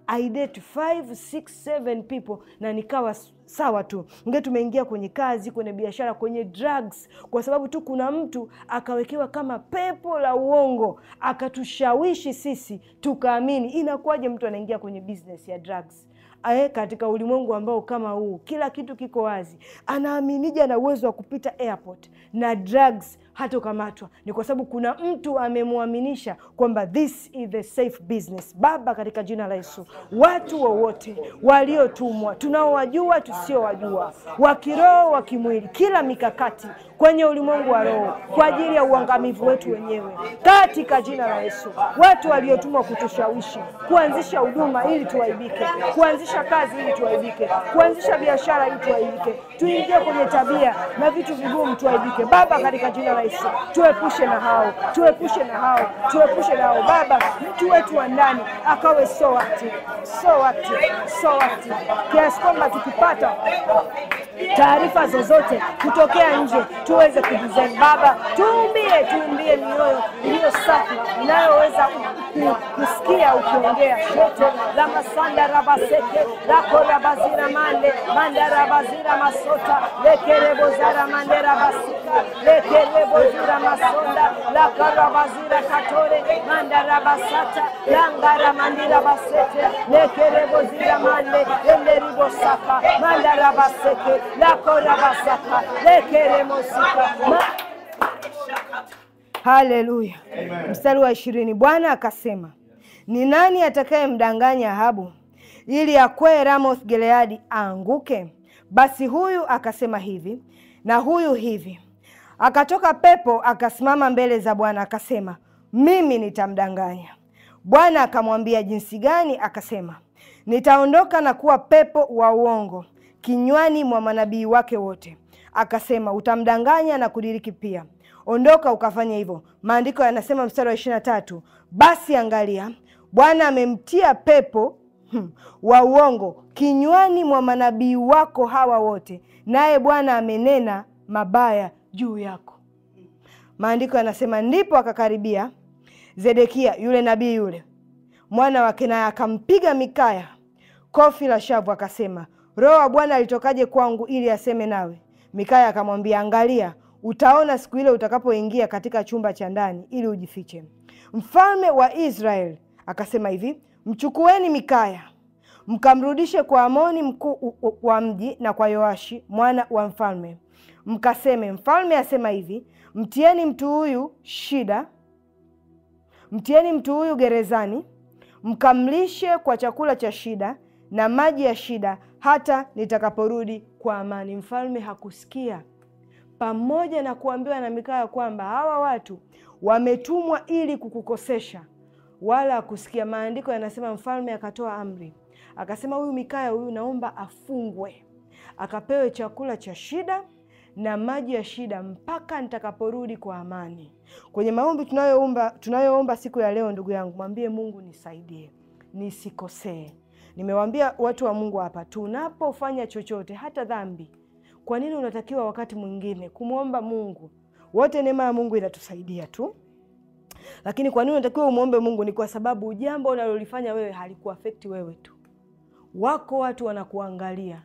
I date 5, 6, 7 people na nikawa sawa tu, nge tumeingia kwenye kazi, kwenye biashara, kwenye drugs, kwa sababu tu kuna mtu akawekewa kama pepo la uongo, akatushawishi sisi tukaamini. Inakuwaje mtu anaingia kwenye business ya drugs? ae, katika ulimwengu ambao kama huu kila kitu kiko wazi, anaaminija na uwezo wa kupita airport na drugs hatokamatwa? Ni kwa sababu kuna mtu amemwaminisha kwamba this is the safe business. Baba, katika jina la Yesu, watu wowote wa waliotumwa, tunaowajua, tusiowajua, wa kiroho, wa kimwili, kila mikakati kwenye ulimwengu wa roho kwa ajili ya uangamivu wetu wenyewe, katika jina la Yesu. Watu waliotumwa kutushawishi kuanzisha huduma ili tuaibike, kuanzisha kazi ili tuaibike, kuanzisha biashara ili tuaibike, tuingie kwenye tabia na vitu vigumu tuaibike. Baba, katika jina la Yesu, tuepushe na hao, tuepushe na hao, tuepushe na hao. Baba, mtu wetu wa ndani akawe so active, so active, so active, kiasi kwamba tukipata taarifa zozote kutokea nje tuweze kujizani. Baba, tuumbie tuumbie mioyo iliyo safi inayoweza kusikia ukiongea shoto la masanda rabaseke lako rabazira mande manda rabazira masota lekerebozara mande rabasika lekerebozira masonda rabazira katore manda rabasata langara mandira basete lekerebozira mande enderibosaka manda rabaseke lakorabasaka haleluya mstari wa ishirini bwana akasema ni nani atakayemdanganya Ahabu ili akwee Ramoth Gileadi aanguke? Basi huyu akasema hivi na huyu hivi. Akatoka pepo akasimama mbele za Bwana akasema, mimi nitamdanganya. Bwana akamwambia jinsi gani? Akasema, nitaondoka na kuwa pepo wa uongo kinywani mwa manabii wake wote, akasema utamdanganya na kudiriki pia. Ondoka ukafanya hivyo. Maandiko yanasema mstari wa ishirini na tatu, basi angalia, Bwana amemtia pepo hmm, wa uongo kinywani mwa manabii wako hawa wote, naye Bwana amenena mabaya juu yako. Maandiko yanasema ndipo akakaribia Zedekia yule nabii yule mwana wake naye akampiga Mikaya kofi la shavu, akasema roho wa Bwana alitokaje kwangu ili aseme nawe? Mikaya akamwambia, angalia, utaona siku ile utakapoingia katika chumba cha ndani ili ujifiche. Mfalme wa Israeli akasema hivi, mchukueni Mikaya mkamrudishe kwa Amoni mkuu wa mji na kwa Yoashi mwana wa mfalme, mkaseme, mfalme asema hivi, mtieni mtu huyu shida, mtieni mtu huyu gerezani, mkamlishe kwa chakula cha shida na maji ya shida hata nitakaporudi kwa amani. Mfalme hakusikia, pamoja na kuambiwa na Mikaya kwamba hawa watu wametumwa ili kukukosesha, wala hakusikia. Maandiko yanasema mfalme akatoa amri, akasema, huyu Mikaya huyu naomba afungwe, akapewe chakula cha shida na maji ya shida mpaka nitakaporudi kwa amani. Kwenye maombi tunayoomba tunayoomba siku ya leo, ndugu yangu, mwambie Mungu, nisaidie nisikosee. Nimewaambia watu wa Mungu hapa, tunapofanya chochote, hata dhambi, kwa nini unatakiwa wakati mwingine kumwomba Mungu? Wote neema ya Mungu inatusaidia tu, lakini kwa nini unatakiwa umwombe Mungu? Ni kwa sababu jambo unalolifanya wewe halikuafekti wewe tu, wako watu wanakuangalia,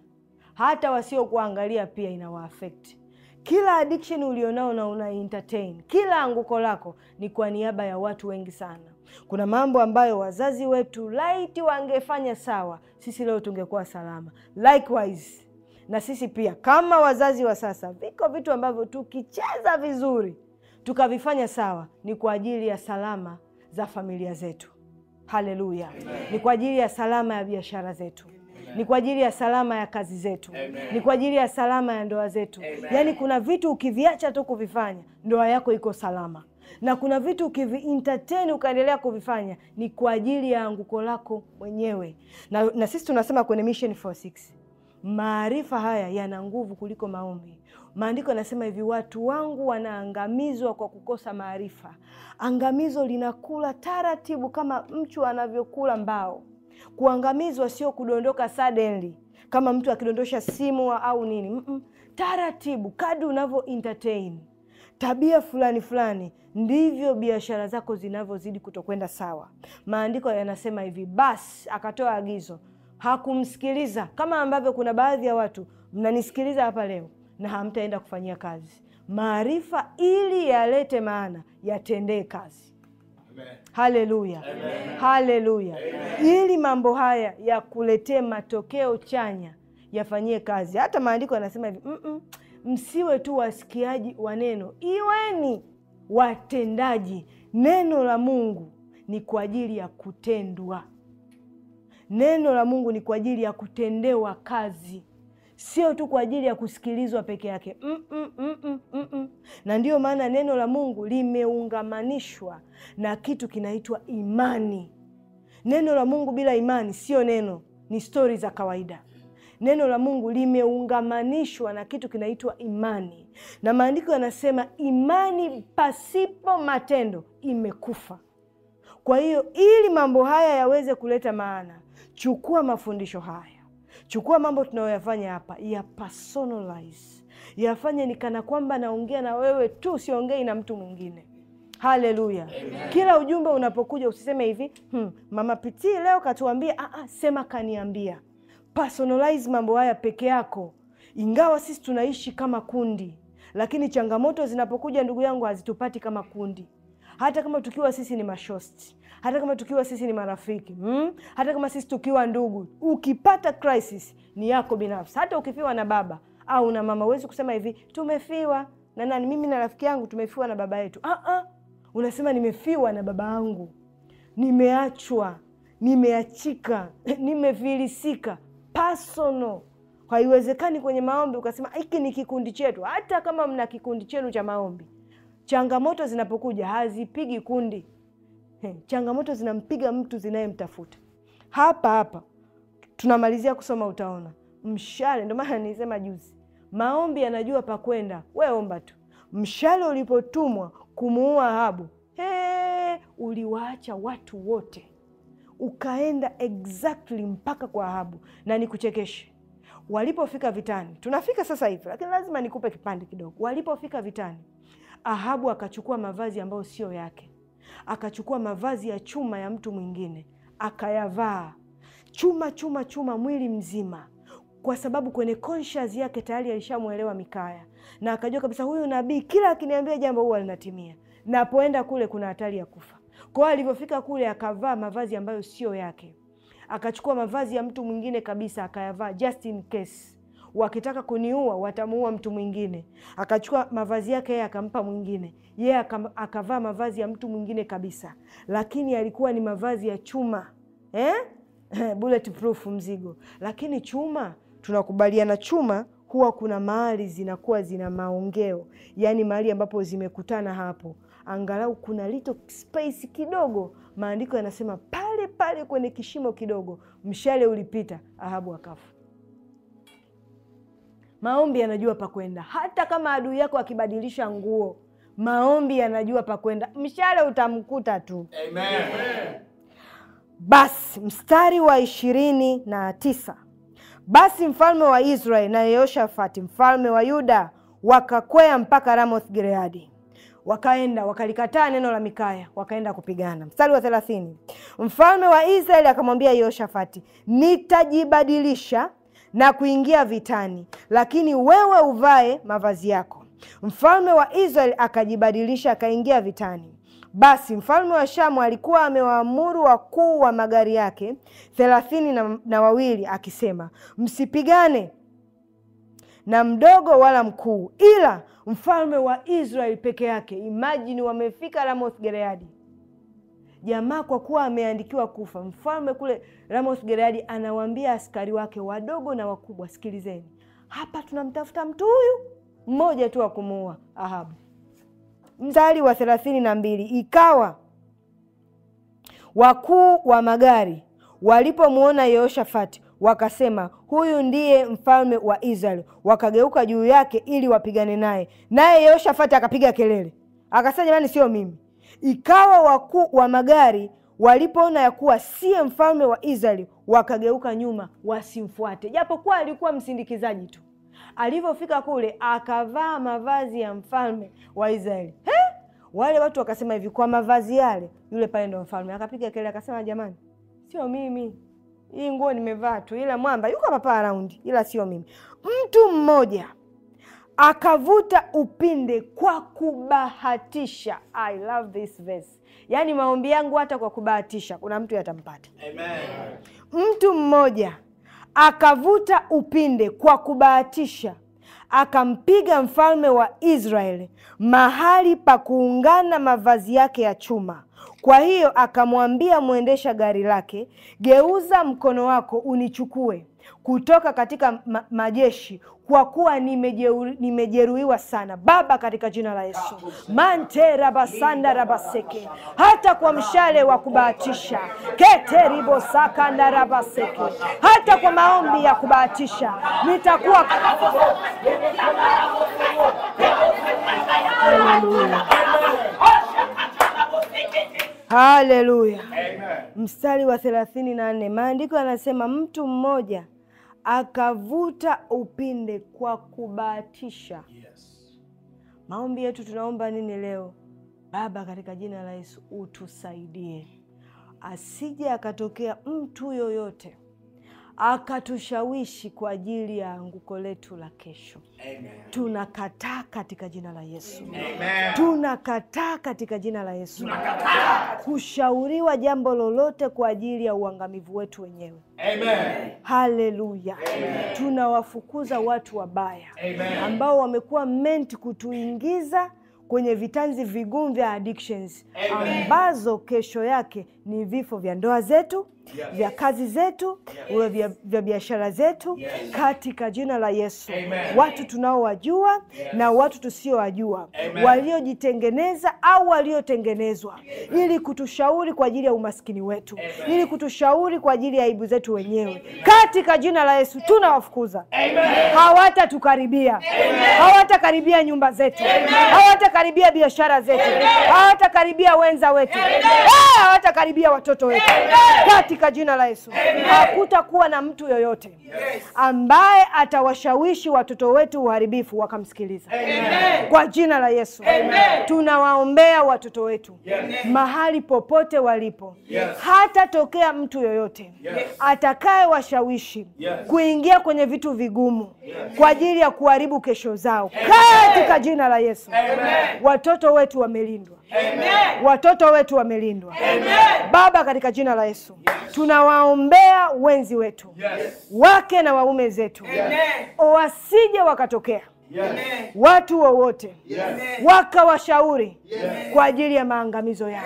hata wasiokuangalia pia inawaafekti. Kila addiction ulionao na una entertain, kila anguko lako ni kwa niaba ya watu wengi sana. Kuna mambo ambayo wazazi wetu laiti wangefanya sawa, sisi leo tungekuwa salama. Likewise na sisi pia kama wazazi wa sasa, viko vitu ambavyo tukicheza vizuri tukavifanya sawa, ni kwa ajili ya salama za familia zetu. Haleluya! ni kwa ajili ya salama ya biashara zetu ni kwa ajili ya salama ya kazi zetu Amen. Ni kwa ajili ya salama ya ndoa zetu Amen. Yaani kuna vitu ukiviacha tu kuvifanya, ndoa yako iko salama na kuna vitu ukivientertain ukaendelea kuvifanya ni kwa ajili ya anguko lako mwenyewe. Na, na sisi tunasema kwenye Mission 46 maarifa haya yana nguvu kuliko maombi. Maandiko yanasema hivi, watu wangu wanaangamizwa kwa kukosa maarifa. Angamizo linakula taratibu kama mchu anavyokula mbao. Kuangamizwa sio kudondoka suddenly kama mtu akidondosha simu au nini. Mm -mm. Taratibu, kadri unavyo entertain tabia fulani fulani, ndivyo biashara zako zinavyozidi kutokwenda sawa. Maandiko yanasema hivi, basi akatoa agizo, hakumsikiliza. Kama ambavyo kuna baadhi ya watu mnanisikiliza hapa leo na hamtaenda kufanyia kazi. Maarifa ili yalete maana, yatendee kazi. Haleluya, haleluya! Ili mambo haya yakuletee matokeo chanya, yafanyie kazi. Hata maandiko yanasema hivi, mm -mm msiwe tu wasikiaji wa neno, iweni watendaji. Neno la Mungu ni kwa ajili ya kutendwa. Neno la Mungu ni kwa ajili ya kutendewa kazi, sio tu kwa ajili ya kusikilizwa peke yake. mm -mm, mm -mm, mm -mm. Na ndiyo maana neno la Mungu limeungamanishwa na kitu kinaitwa imani. Neno la Mungu bila imani sio neno, ni stori za kawaida neno la Mungu limeungamanishwa na kitu kinaitwa imani, na maandiko yanasema imani pasipo matendo imekufa. Kwa hiyo ili mambo haya yaweze kuleta maana, chukua mafundisho haya, chukua mambo tunayoyafanya hapa ya personalize, yafanye ni kana kwamba naongea na wewe tu, siongei na mtu mwingine. Haleluya! Kila ujumbe unapokuja usiseme hivi, hmm, mama pitii leo katuambia. Ah, ah, sema kaniambia personalize mambo haya peke yako. Ingawa sisi tunaishi kama kundi, lakini changamoto zinapokuja, ndugu yangu, hazitupati kama kundi, hata kama tukiwa sisi ni mashosti, hata kama tukiwa sisi ni marafiki hmm? hata kama sisi tukiwa ndugu, ukipata crisis ni yako binafsi. Hata ukifiwa na baba au na mama, uwezi kusema hivi tumefiwa na nani, mimi na rafiki yangu tumefiwa na baba yetu. Ah ah, unasema nimefiwa na baba yangu, nimeachwa, nimeachika, nimevilisika personal. Haiwezekani kwenye maombi ukasema hiki ni kikundi chetu. Hata kama mna kikundi chenu cha maombi, changamoto zinapokuja hazipigi kundi. He, changamoto zinampiga mtu zinayemtafuta hapa hapa. Tunamalizia kusoma, utaona mshale. Ndio maana nilisema juzi, maombi yanajua pa kwenda, we omba tu. Mshale ulipotumwa kumuua Ahabu, uliwaacha watu wote ukaenda exactly mpaka kwa Ahabu. Na nikuchekeshe, walipofika vitani, tunafika sasa hivi, lakini lazima nikupe kipande kidogo. Walipofika vitani, Ahabu akachukua mavazi ambayo sio yake, akachukua mavazi ya chuma ya mtu mwingine akayavaa, chuma chuma chuma, mwili mzima kwa sababu kwenye conscious yake tayari alishamwelewa Mikaya na akajua kabisa huyu nabii kila akiniambia jambo huwa linatimia, napoenda kule kuna hatari ya kufa kwao. alivyofika kule akavaa mavazi ambayo sio yake, akachukua mavazi ya mtu mwingine kabisa akayavaa, just in case wakitaka kuniua watamuua mtu mwingine. Akachukua mavazi yake yeye akampa mwingine, yeye akavaa mavazi ya mtu mwingine kabisa, lakini alikuwa ni mavazi ya chuma eh? Bulletproof mzigo. Lakini chuma, tunakubaliana chuma huwa kuna mahali zinakuwa zina maongeo, yaani mahali ambapo zimekutana hapo angalau kuna little space kidogo, maandiko yanasema pale pale kwenye kishimo kidogo mshale ulipita, Ahabu akafa. Maombi yanajua pa kwenda, hata kama adui yako akibadilisha nguo, maombi yanajua pa kwenda, mshale utamkuta tu. Amen. Basi mstari wa ishirini na tisa basi mfalme wa Israeli na Yehoshafati mfalme wa Yuda wakakwea mpaka Ramoth Gileadi wakaenda wakalikataa neno la Mikaya, wakaenda kupigana. Mstari wa thelathini, mfalme wa Israeli akamwambia Yehoshafati, nitajibadilisha na kuingia vitani, lakini wewe uvae mavazi yako. Mfalme wa Israeli akajibadilisha akaingia vitani. Basi mfalme wa Shamu alikuwa amewaamuru wakuu wa magari yake thelathini na, na wawili akisema, msipigane na mdogo wala mkuu, ila mfalme wa Israeli peke yake. Imajini, wamefika Ramoth gereadi jamaa kwa kuwa ameandikiwa kufa. Mfalme kule Ramoth gereadi anawaambia askari wake wadogo na wakubwa, sikilizeni, hapa tunamtafuta mtu huyu mmoja tu wa kumuua Ahabu. Mstari wa thelathini na mbili ikawa wakuu wa magari walipomwona Yehoshafati wakasema, huyu ndiye mfalme wa Israeli, wakageuka juu yake ili wapigane naye. Naye Yehoshafati akapiga kelele akasema, jamani, sio mimi. Ikawa wakuu wa magari walipoona ya kuwa siye mfalme wa Israeli, wakageuka nyuma wasimfuate, japokuwa alikuwa msindikizaji tu. Alivyofika kule akavaa mavazi ya mfalme wa Israeli. He? Wale watu wakasema hivi, kwa mavazi yale yule pale ndo mfalme. Akapiga kelele akasema, jamani, sio mimi hii nguo nimevaa tu, ila mwamba yuko hapa around, ila sio mimi. Mtu mmoja akavuta upinde kwa kubahatisha. I love this verse. Yaani maombi yangu hata kwa kubahatisha kuna mtu yatampata. Amen. Mtu mmoja akavuta upinde kwa kubahatisha akampiga mfalme wa Israeli mahali pa kuungana mavazi yake ya chuma kwa hiyo akamwambia mwendesha gari lake, geuza mkono wako unichukue kutoka katika ma majeshi, kwa kuwa nimejeruhiwa sana. Baba, katika jina la Yesu, mante rabasanda rabaseke, hata kwa mshale wa kubahatisha kete ribosakanda rabaseke, hata kwa maombi ya kubahatisha nitakuwa Haleluya. Mstari wa thelathini na nne maandiko yanasema mtu mmoja akavuta upinde kwa kubahatisha. Yes. Maombi yetu tunaomba nini leo? Baba, katika jina la Yesu utusaidie, asije akatokea mtu yoyote akatushawishi kwa ajili ya anguko letu la kesho. Tunakataa katika jina la Yesu, tunakataa katika jina la Yesu kushauriwa jambo lolote kwa ajili ya uangamivu wetu wenyewe. Haleluya! Tunawafukuza watu wabaya Amen. ambao wamekuwa meant kutuingiza kwenye vitanzi vigumu vya addictions Amen. ambazo kesho yake ni vifo vya ndoa zetu vya kazi zetu vya, vya biashara zetu yes. katika jina la Yesu Amen. watu tunaowajua yes. na watu tusiowajua waliojitengeneza au waliotengenezwa ili kutushauri kwa ajili ya umaskini wetu Amen. ili kutushauri kwa ajili ya aibu zetu wenyewe katika jina la Yesu tunawafukuza, hawatatukaribia, hawatakaribia nyumba zetu, hawatakaribia biashara zetu, hawatakaribia wenza wetu, ah, hawatakaribia watoto wetu katika jina la Yesu, hakutakuwa na mtu yoyote yes, ambaye atawashawishi watoto wetu uharibifu wakamsikiliza. Amen. Kwa jina la Yesu Tunawaombea watoto wetu yes, mahali popote walipo yes, hata tokea mtu yoyote yes, atakaye washawishi yes, kuingia kwenye vitu vigumu yes, kwa ajili ya kuharibu kesho zao Katika jina la Yesu Amen. Watoto wetu wamelindwa Amen. Watoto wetu wamelindwa. Amen. Baba, katika jina la Yesu, yes. Tunawaombea wenzi wetu, yes. Wake na waume zetu, yes. Wasije wakatokea Yes. Watu wowote yes. wakawashauri yes. kwa ajili ya maangamizo yao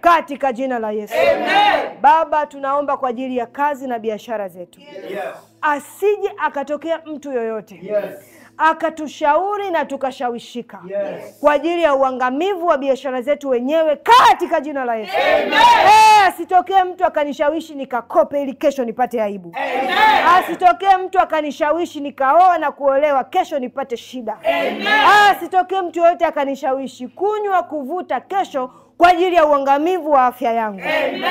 katika jina la Yesu. Amen. Baba, tunaomba kwa ajili ya kazi na biashara zetu yes. Asije akatokea mtu yoyote yes akatushauri na tukashawishika yes. kwa ajili ya uangamivu wa biashara zetu wenyewe katika jina la Yesu. Eh, asitokee mtu akanishawishi nikakope ili kesho nipate aibu. Asitokee mtu akanishawishi nikaoa na kuolewa kesho nipate shida. Asitokee mtu yoyote akanishawishi kunywa, kuvuta kesho kwa ajili ya uangamivu wa afya yangu Amen.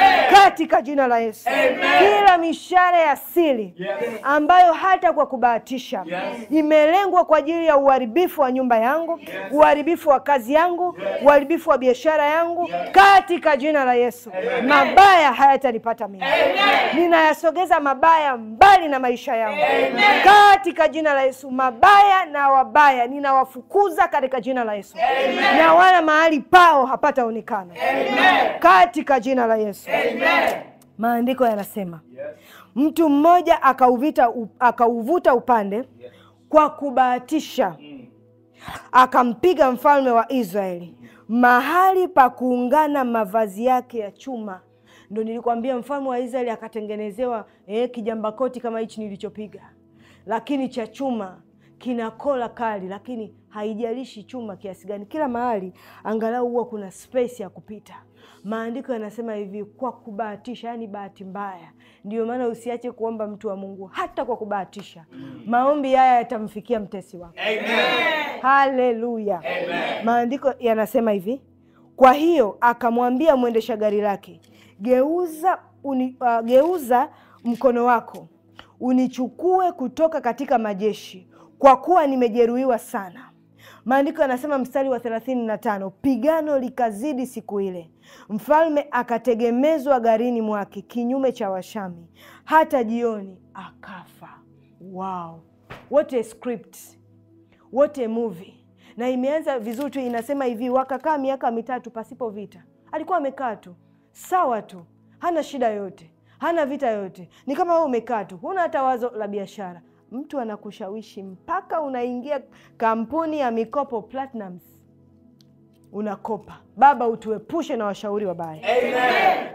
Katika jina la Yesu Amen. Kila mishale ya siri yes. ambayo hata kwa kubahatisha yes. imelengwa kwa ajili ya uharibifu wa nyumba yangu yes. uharibifu wa kazi yangu yes. uharibifu wa biashara yangu yes. Katika jina la Yesu Amen. Mabaya hayatanipata mimi, ninayasogeza mabaya mbali na maisha yangu Amen. Katika jina la Yesu mabaya na wabaya ninawafukuza katika jina la Yesu Amen. Na wala mahali pao hapata hapataonekana sana Amen. Katika jina la Yesu Amen. Maandiko yanasema yes. Mtu mmoja akauvita, akauvuta upande yes. Kwa kubahatisha mm. Akampiga mfalme wa Israeli mm. mahali pa kuungana mavazi yake ya chuma. Ndo nilikwambia mfalme wa Israeli akatengenezewa eh, kijambakoti kama hichi nilichopiga, lakini cha chuma kinakola kali, lakini haijalishi chuma kiasi gani, kila mahali angalau huwa kuna space ya kupita. Maandiko yanasema hivi, kwa kubahatisha, yani bahati mbaya. Ndio maana usiache kuomba, mtu wa Mungu, hata kwa kubahatisha. Maombi haya yatamfikia mtesi wako. haleluya. Maandiko yanasema hivi, kwa hiyo akamwambia mwendesha gari lake, geuza uni, uh, geuza mkono wako unichukue kutoka katika majeshi kwa kuwa nimejeruhiwa sana. Maandiko yanasema mstari wa thelathini na tano pigano likazidi siku ile, mfalme akategemezwa garini mwake kinyume cha Washami hata jioni akafa. Wow, what a script, what a movie! Na imeanza vizuri tu, inasema hivi, wakakaa miaka mitatu pasipo vita. Alikuwa amekaa tu, sawa tu, hana shida yote hana vita yote ni kama wewe umekaa tu, huna hata wazo la biashara mtu anakushawishi mpaka unaingia kampuni ya mikopo Platinums, unakopa Baba, utuepushe na washauri wabaya.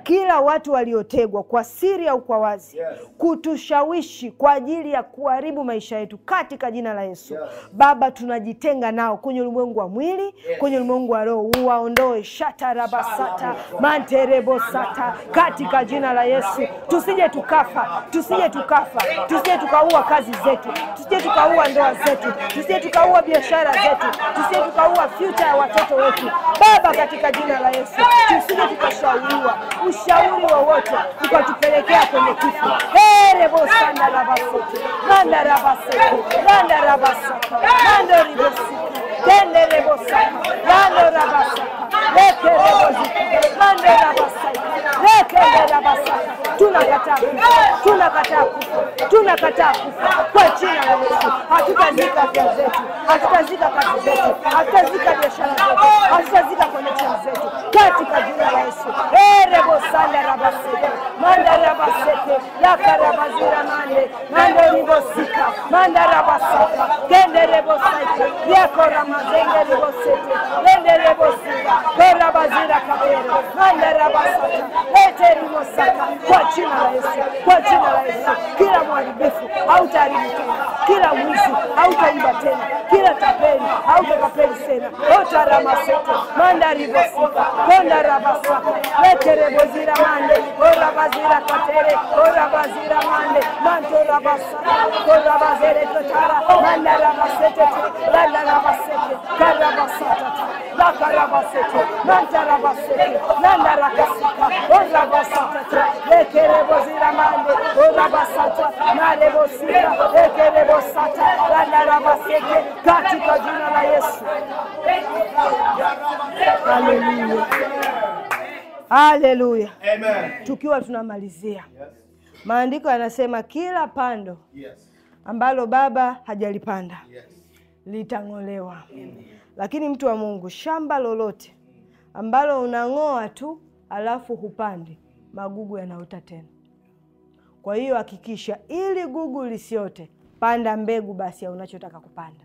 Kila watu waliotegwa kwa siri au kwa wazi, yes, kutushawishi kwa ajili ya kuharibu maisha yetu katika jina la Yesu, yes. Baba, tunajitenga nao kwenye ulimwengu wa mwili, yes, kwenye ulimwengu wa roho, uwaondoe shatarabasata manterebosata katika jina la Yesu. Tusije tukafa, tusije tukafa, tusije tukaua kazi zetu, tusije tukaua ndoa zetu, tusije tukaua biashara zetu, tusije tukaua future ya watoto wetu Baba katika jina la Yesu, tusije tukashauriwa ushauri wowote ukatupelekea kwenye kifo. Here bosanda rabasete manda rabasete manda rabasaka mando leke tunakataa tunakataa kufa tunakataa kufa kwa jina la Yesu. Hatutazika vya zetu, hatutazika kazi zetu, hatutazika biashara zetu, hatutazika connection zetu katika jina la Yesu. erebo sanda manda rabaseke yaka rabazira mande ribosika manda rabasaka kende rebosaike yako ramazenge riboseke kende rebosika korabazira kabere manda rabasaka etelimosaka kwa jina la Yesu, kwa jina la Yesu, kila mharibifu hautaharibu tena, kila mwizi hautaiba tena, kila tapeli hautatapeli tena. otaramasete mandarivosika kondaravasaka leterebozira mande orabazira katere orabazira mande mantorabasaka korabazere totara mandaravasete landaravasete karabasatata lakarabasete mantarabasete landarakasa basata katika jina la Yesu. Haleluya, haleluya. Tukiwa tunamalizia maandiko yanasema kila pando ambalo Baba hajalipanda litang'olewa. Lakini mtu wa Mungu, shamba lolote ambalo unang'oa tu alafu hupandi, magugu yanaota tena. Kwa hiyo hakikisha ili gugu lisiote, panda mbegu basi ya unachotaka kupanda.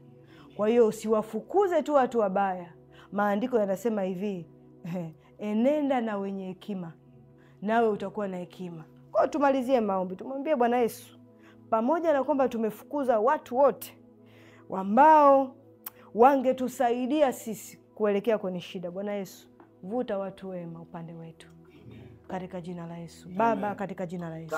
Kwa hiyo usiwafukuze tu watu wabaya. Maandiko yanasema hivi enenda na wenye hekima, nawe utakuwa na hekima. Kwa hiyo tumalizie maombi, tumwambie Bwana Yesu, pamoja na kwamba tumefukuza watu wote ambao wangetusaidia sisi kuelekea kwenye shida, Bwana Yesu vuta watu wema upande wetu katika jina la Yesu. Baba, katika jina la Yesu.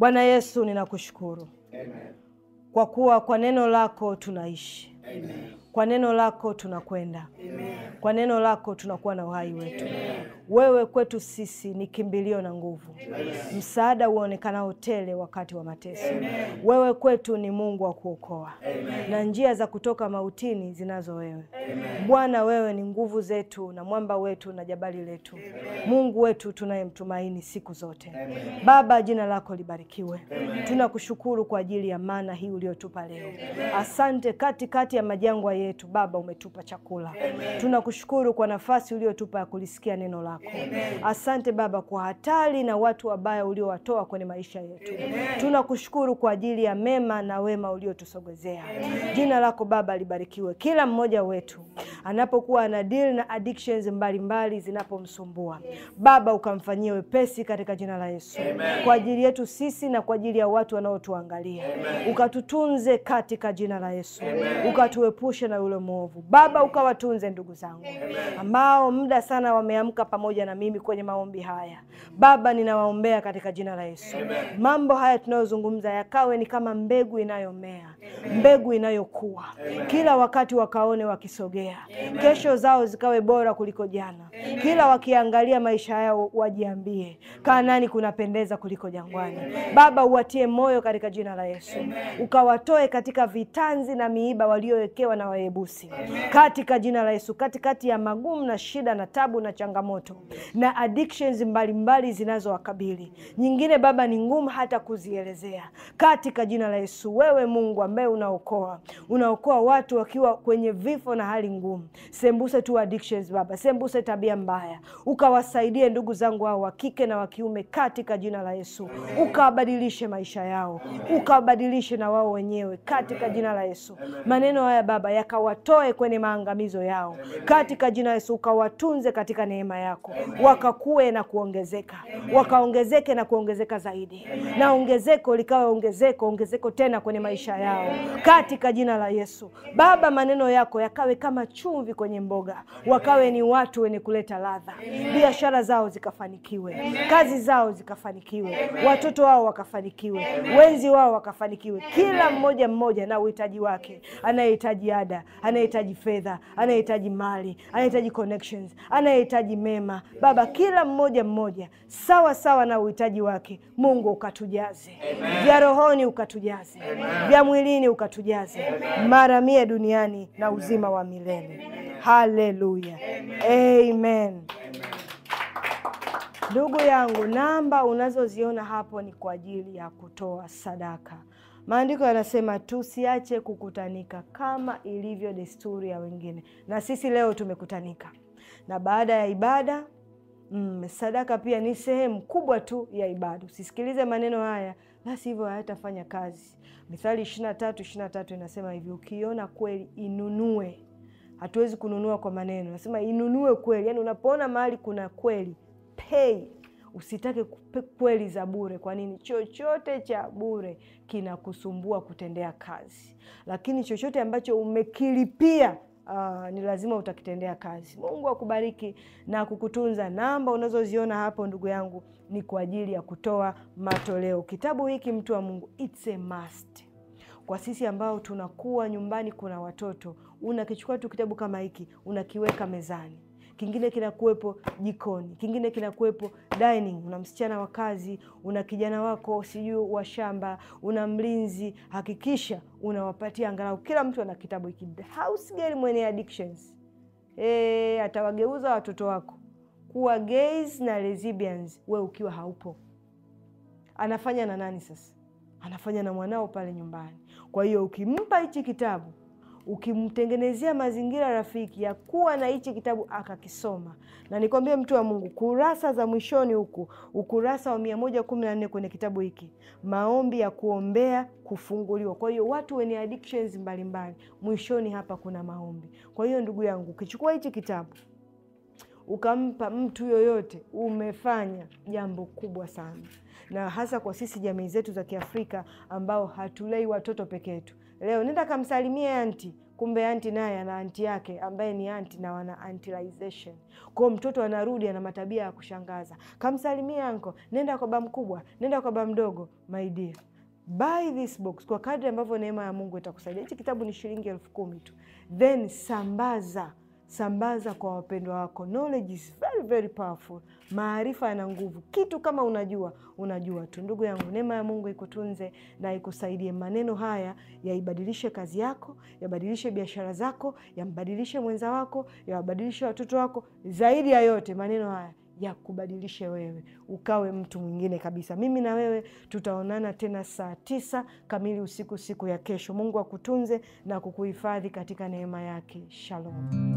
Bwana Yesu, ninakushukuru Amen. Kwa kuwa kwa neno lako tunaishi Amen. Kwa neno lako tunakwenda, kwa neno lako tunakuwa na uhai wetu. Amen. Wewe kwetu sisi ni kimbilio na nguvu, Amen. Msaada uonekanao tele wakati wa mateso. Amen. Wewe kwetu ni Mungu wa kuokoa na njia za kutoka mautini zinazo wewe. Amen. Bwana, wewe ni nguvu zetu na mwamba wetu na jabali letu. Amen. Mungu wetu tunayemtumaini siku zote. Amen. Baba, jina lako libarikiwe. Amen. Tunakushukuru kwa ajili ya maana hii uliotupa leo. Asante katikati kati ya majangwa yetu. Baba, umetupa chakula, tunakushukuru kwa nafasi uliotupa ya kulisikia neno lako. Amen. Asante Baba kwa hatari na watu wabaya uliowatoa kwenye maisha yetu. Tunakushukuru kwa ajili ya mema na wema uliotusogezea. Jina lako Baba libarikiwe. Kila mmoja wetu anapokuwa ana deal na addictions mbalimbali zinapomsumbua, Baba ukamfanyie wepesi katika jina la Yesu. Amen. Kwa ajili yetu sisi na kwa ajili ya watu wanaotuangalia, ukatutunze katika jina la Yesu, ukatuepushe na yule mwovu. Baba, ukawatunze ndugu zangu ambao muda sana wameamka pamoja na mimi kwenye maombi haya. Baba, ninawaombea katika jina la Yesu. Mambo haya tunayozungumza yakawe ni kama mbegu inayomea mbegu inayokuwa Kila wakati wakaone wakisogea Amen. Kesho zao zikawe bora kuliko jana Amen. Kila wakiangalia maisha yao wajiambie, kanani kunapendeza kuliko jangwani Amen. Baba, uwatie moyo katika jina la Yesu Ukawatoe katika vitanzi na miiba waliowekewa na Wayebusi katika jina la Yesu, katikati ya magumu na shida na tabu na changamoto na addictions mbalimbali zinazowakabili. Nyingine Baba ni ngumu hata kuzielezea, katika jina la Yesu, wewe Mungu ambaye unaokoa, unaokoa watu wakiwa kwenye vifo na hali ngumu. Sembuse tu addictions Baba, sembuse tabia mbaya, ukawasaidie ndugu zangu hao wa kike na wa kiume katika jina la Yesu, ukawabadilishe maisha yao, ukawabadilishe na wao wenyewe katika jina la Yesu. Maneno haya Baba yakawatoe kwenye maangamizo yao katika jina la Yesu, ukawatunze katika neema yako, wakakue na kuongezeka, wakaongezeke na kuongezeka zaidi, na ongezeko likawa ongezeko ongezeko tena kwenye maisha yao yao katika jina la Yesu. Baba, maneno yako yakawe kama chumvi kwenye mboga, wakawe ni watu wenye kuleta ladha, biashara zao zikafanikiwe, kazi zao zikafanikiwe, watoto wao wakafanikiwe, wenzi wao wakafanikiwe, kila mmoja mmoja na uhitaji wake, anayehitaji ada, anayehitaji fedha, anayehitaji mali, anayehitaji connections, anayehitaji mema. Baba, kila mmoja mmoja sawa sawa na uhitaji wake. Mungu ukatujaze vya rohoni, ukatujaze vya mwili mbinguni ukatujaze mara mia duniani Amen. na uzima wa milele haleluya Amen. Ndugu yangu, namba unazoziona hapo ni kwa ajili ya kutoa sadaka. Maandiko yanasema tusiache kukutanika kama ilivyo desturi ya wengine, na sisi leo tumekutanika, na baada ya ibada mm, sadaka pia ni sehemu kubwa tu ya ibada. Usisikilize maneno haya basi sivyo hayatafanya kazi. Mithali ishirini na tatu ishirini tatu inasema hivi, ukiona kweli inunue. Hatuwezi kununua kwa maneno, nasema inunue kweli. Yani unapoona mahali kuna kweli, pay. Usitake kweli za bure. Kwa nini? Chochote cha bure kinakusumbua kutendea kazi, lakini chochote ambacho umekilipia uh, ni lazima utakitendea kazi. Mungu akubariki na kukutunza. Namba unazoziona hapo, ndugu yangu, ni kwa ajili ya kutoa matoleo. Kitabu hiki mtu wa Mungu, it's a must kwa sisi ambao tunakuwa nyumbani kuna watoto. Unakichukua tu kitabu kama hiki unakiweka mezani kingine kinakuwepo jikoni, kingine kinakuwepo dining. Una msichana wa kazi, una kijana wako sijui wa shamba, una mlinzi. Hakikisha unawapatia angalau, kila mtu ana kitabu hiki. House girl mwenye addictions eh, atawageuza watoto wako kuwa gays na lesbians, we ukiwa haupo. Anafanya na nani sasa? Anafanya na mwanao pale nyumbani. Kwa hiyo ukimpa hichi kitabu ukimtengenezea mazingira rafiki ya kuwa na hichi kitabu akakisoma, na nikwambie mtu wa Mungu, kurasa za mwishoni huku, ukurasa wa mia moja kumi na nne kwenye kitabu hiki, maombi ya kuombea kufunguliwa. Kwa hiyo watu wenye addictions mbalimbali, mwishoni hapa kuna maombi. Kwa hiyo ndugu yangu, ukichukua hichi kitabu ukampa mtu yoyote, umefanya jambo kubwa sana, na hasa kwa sisi jamii zetu za Kiafrika ambao hatulei watoto peke yetu leo nenda kamsalimie anti, kumbe anti naye ana anti yake ambaye ni anti na wana antilization. Kwao mtoto anarudi ana matabia ya kushangaza. Kamsalimie anko, nenda kwa ba mkubwa, nenda kwa ba mdogo. My dear, buy this box kwa kadri ambavyo neema ya Mungu itakusaidia. Hichi kitabu ni shilingi elfu kumi tu, then sambaza sambaza kwa wapendwa wako. Knowledge is very very powerful. Maarifa yana nguvu. Kitu kama unajua unajua tu. Ndugu yangu, neema ya Mungu ikutunze na ikusaidie. Maneno haya yaibadilishe kazi yako, yabadilishe biashara zako, yambadilishe mwenza wako, yawabadilishe watoto wako. Zaidi ya yote, maneno haya yakubadilishe wewe ukawe mtu mwingine kabisa. Mimi na wewe tutaonana tena saa tisa kamili usiku siku ya kesho. Mungu akutunze na kukuhifadhi katika neema yake. Shalom.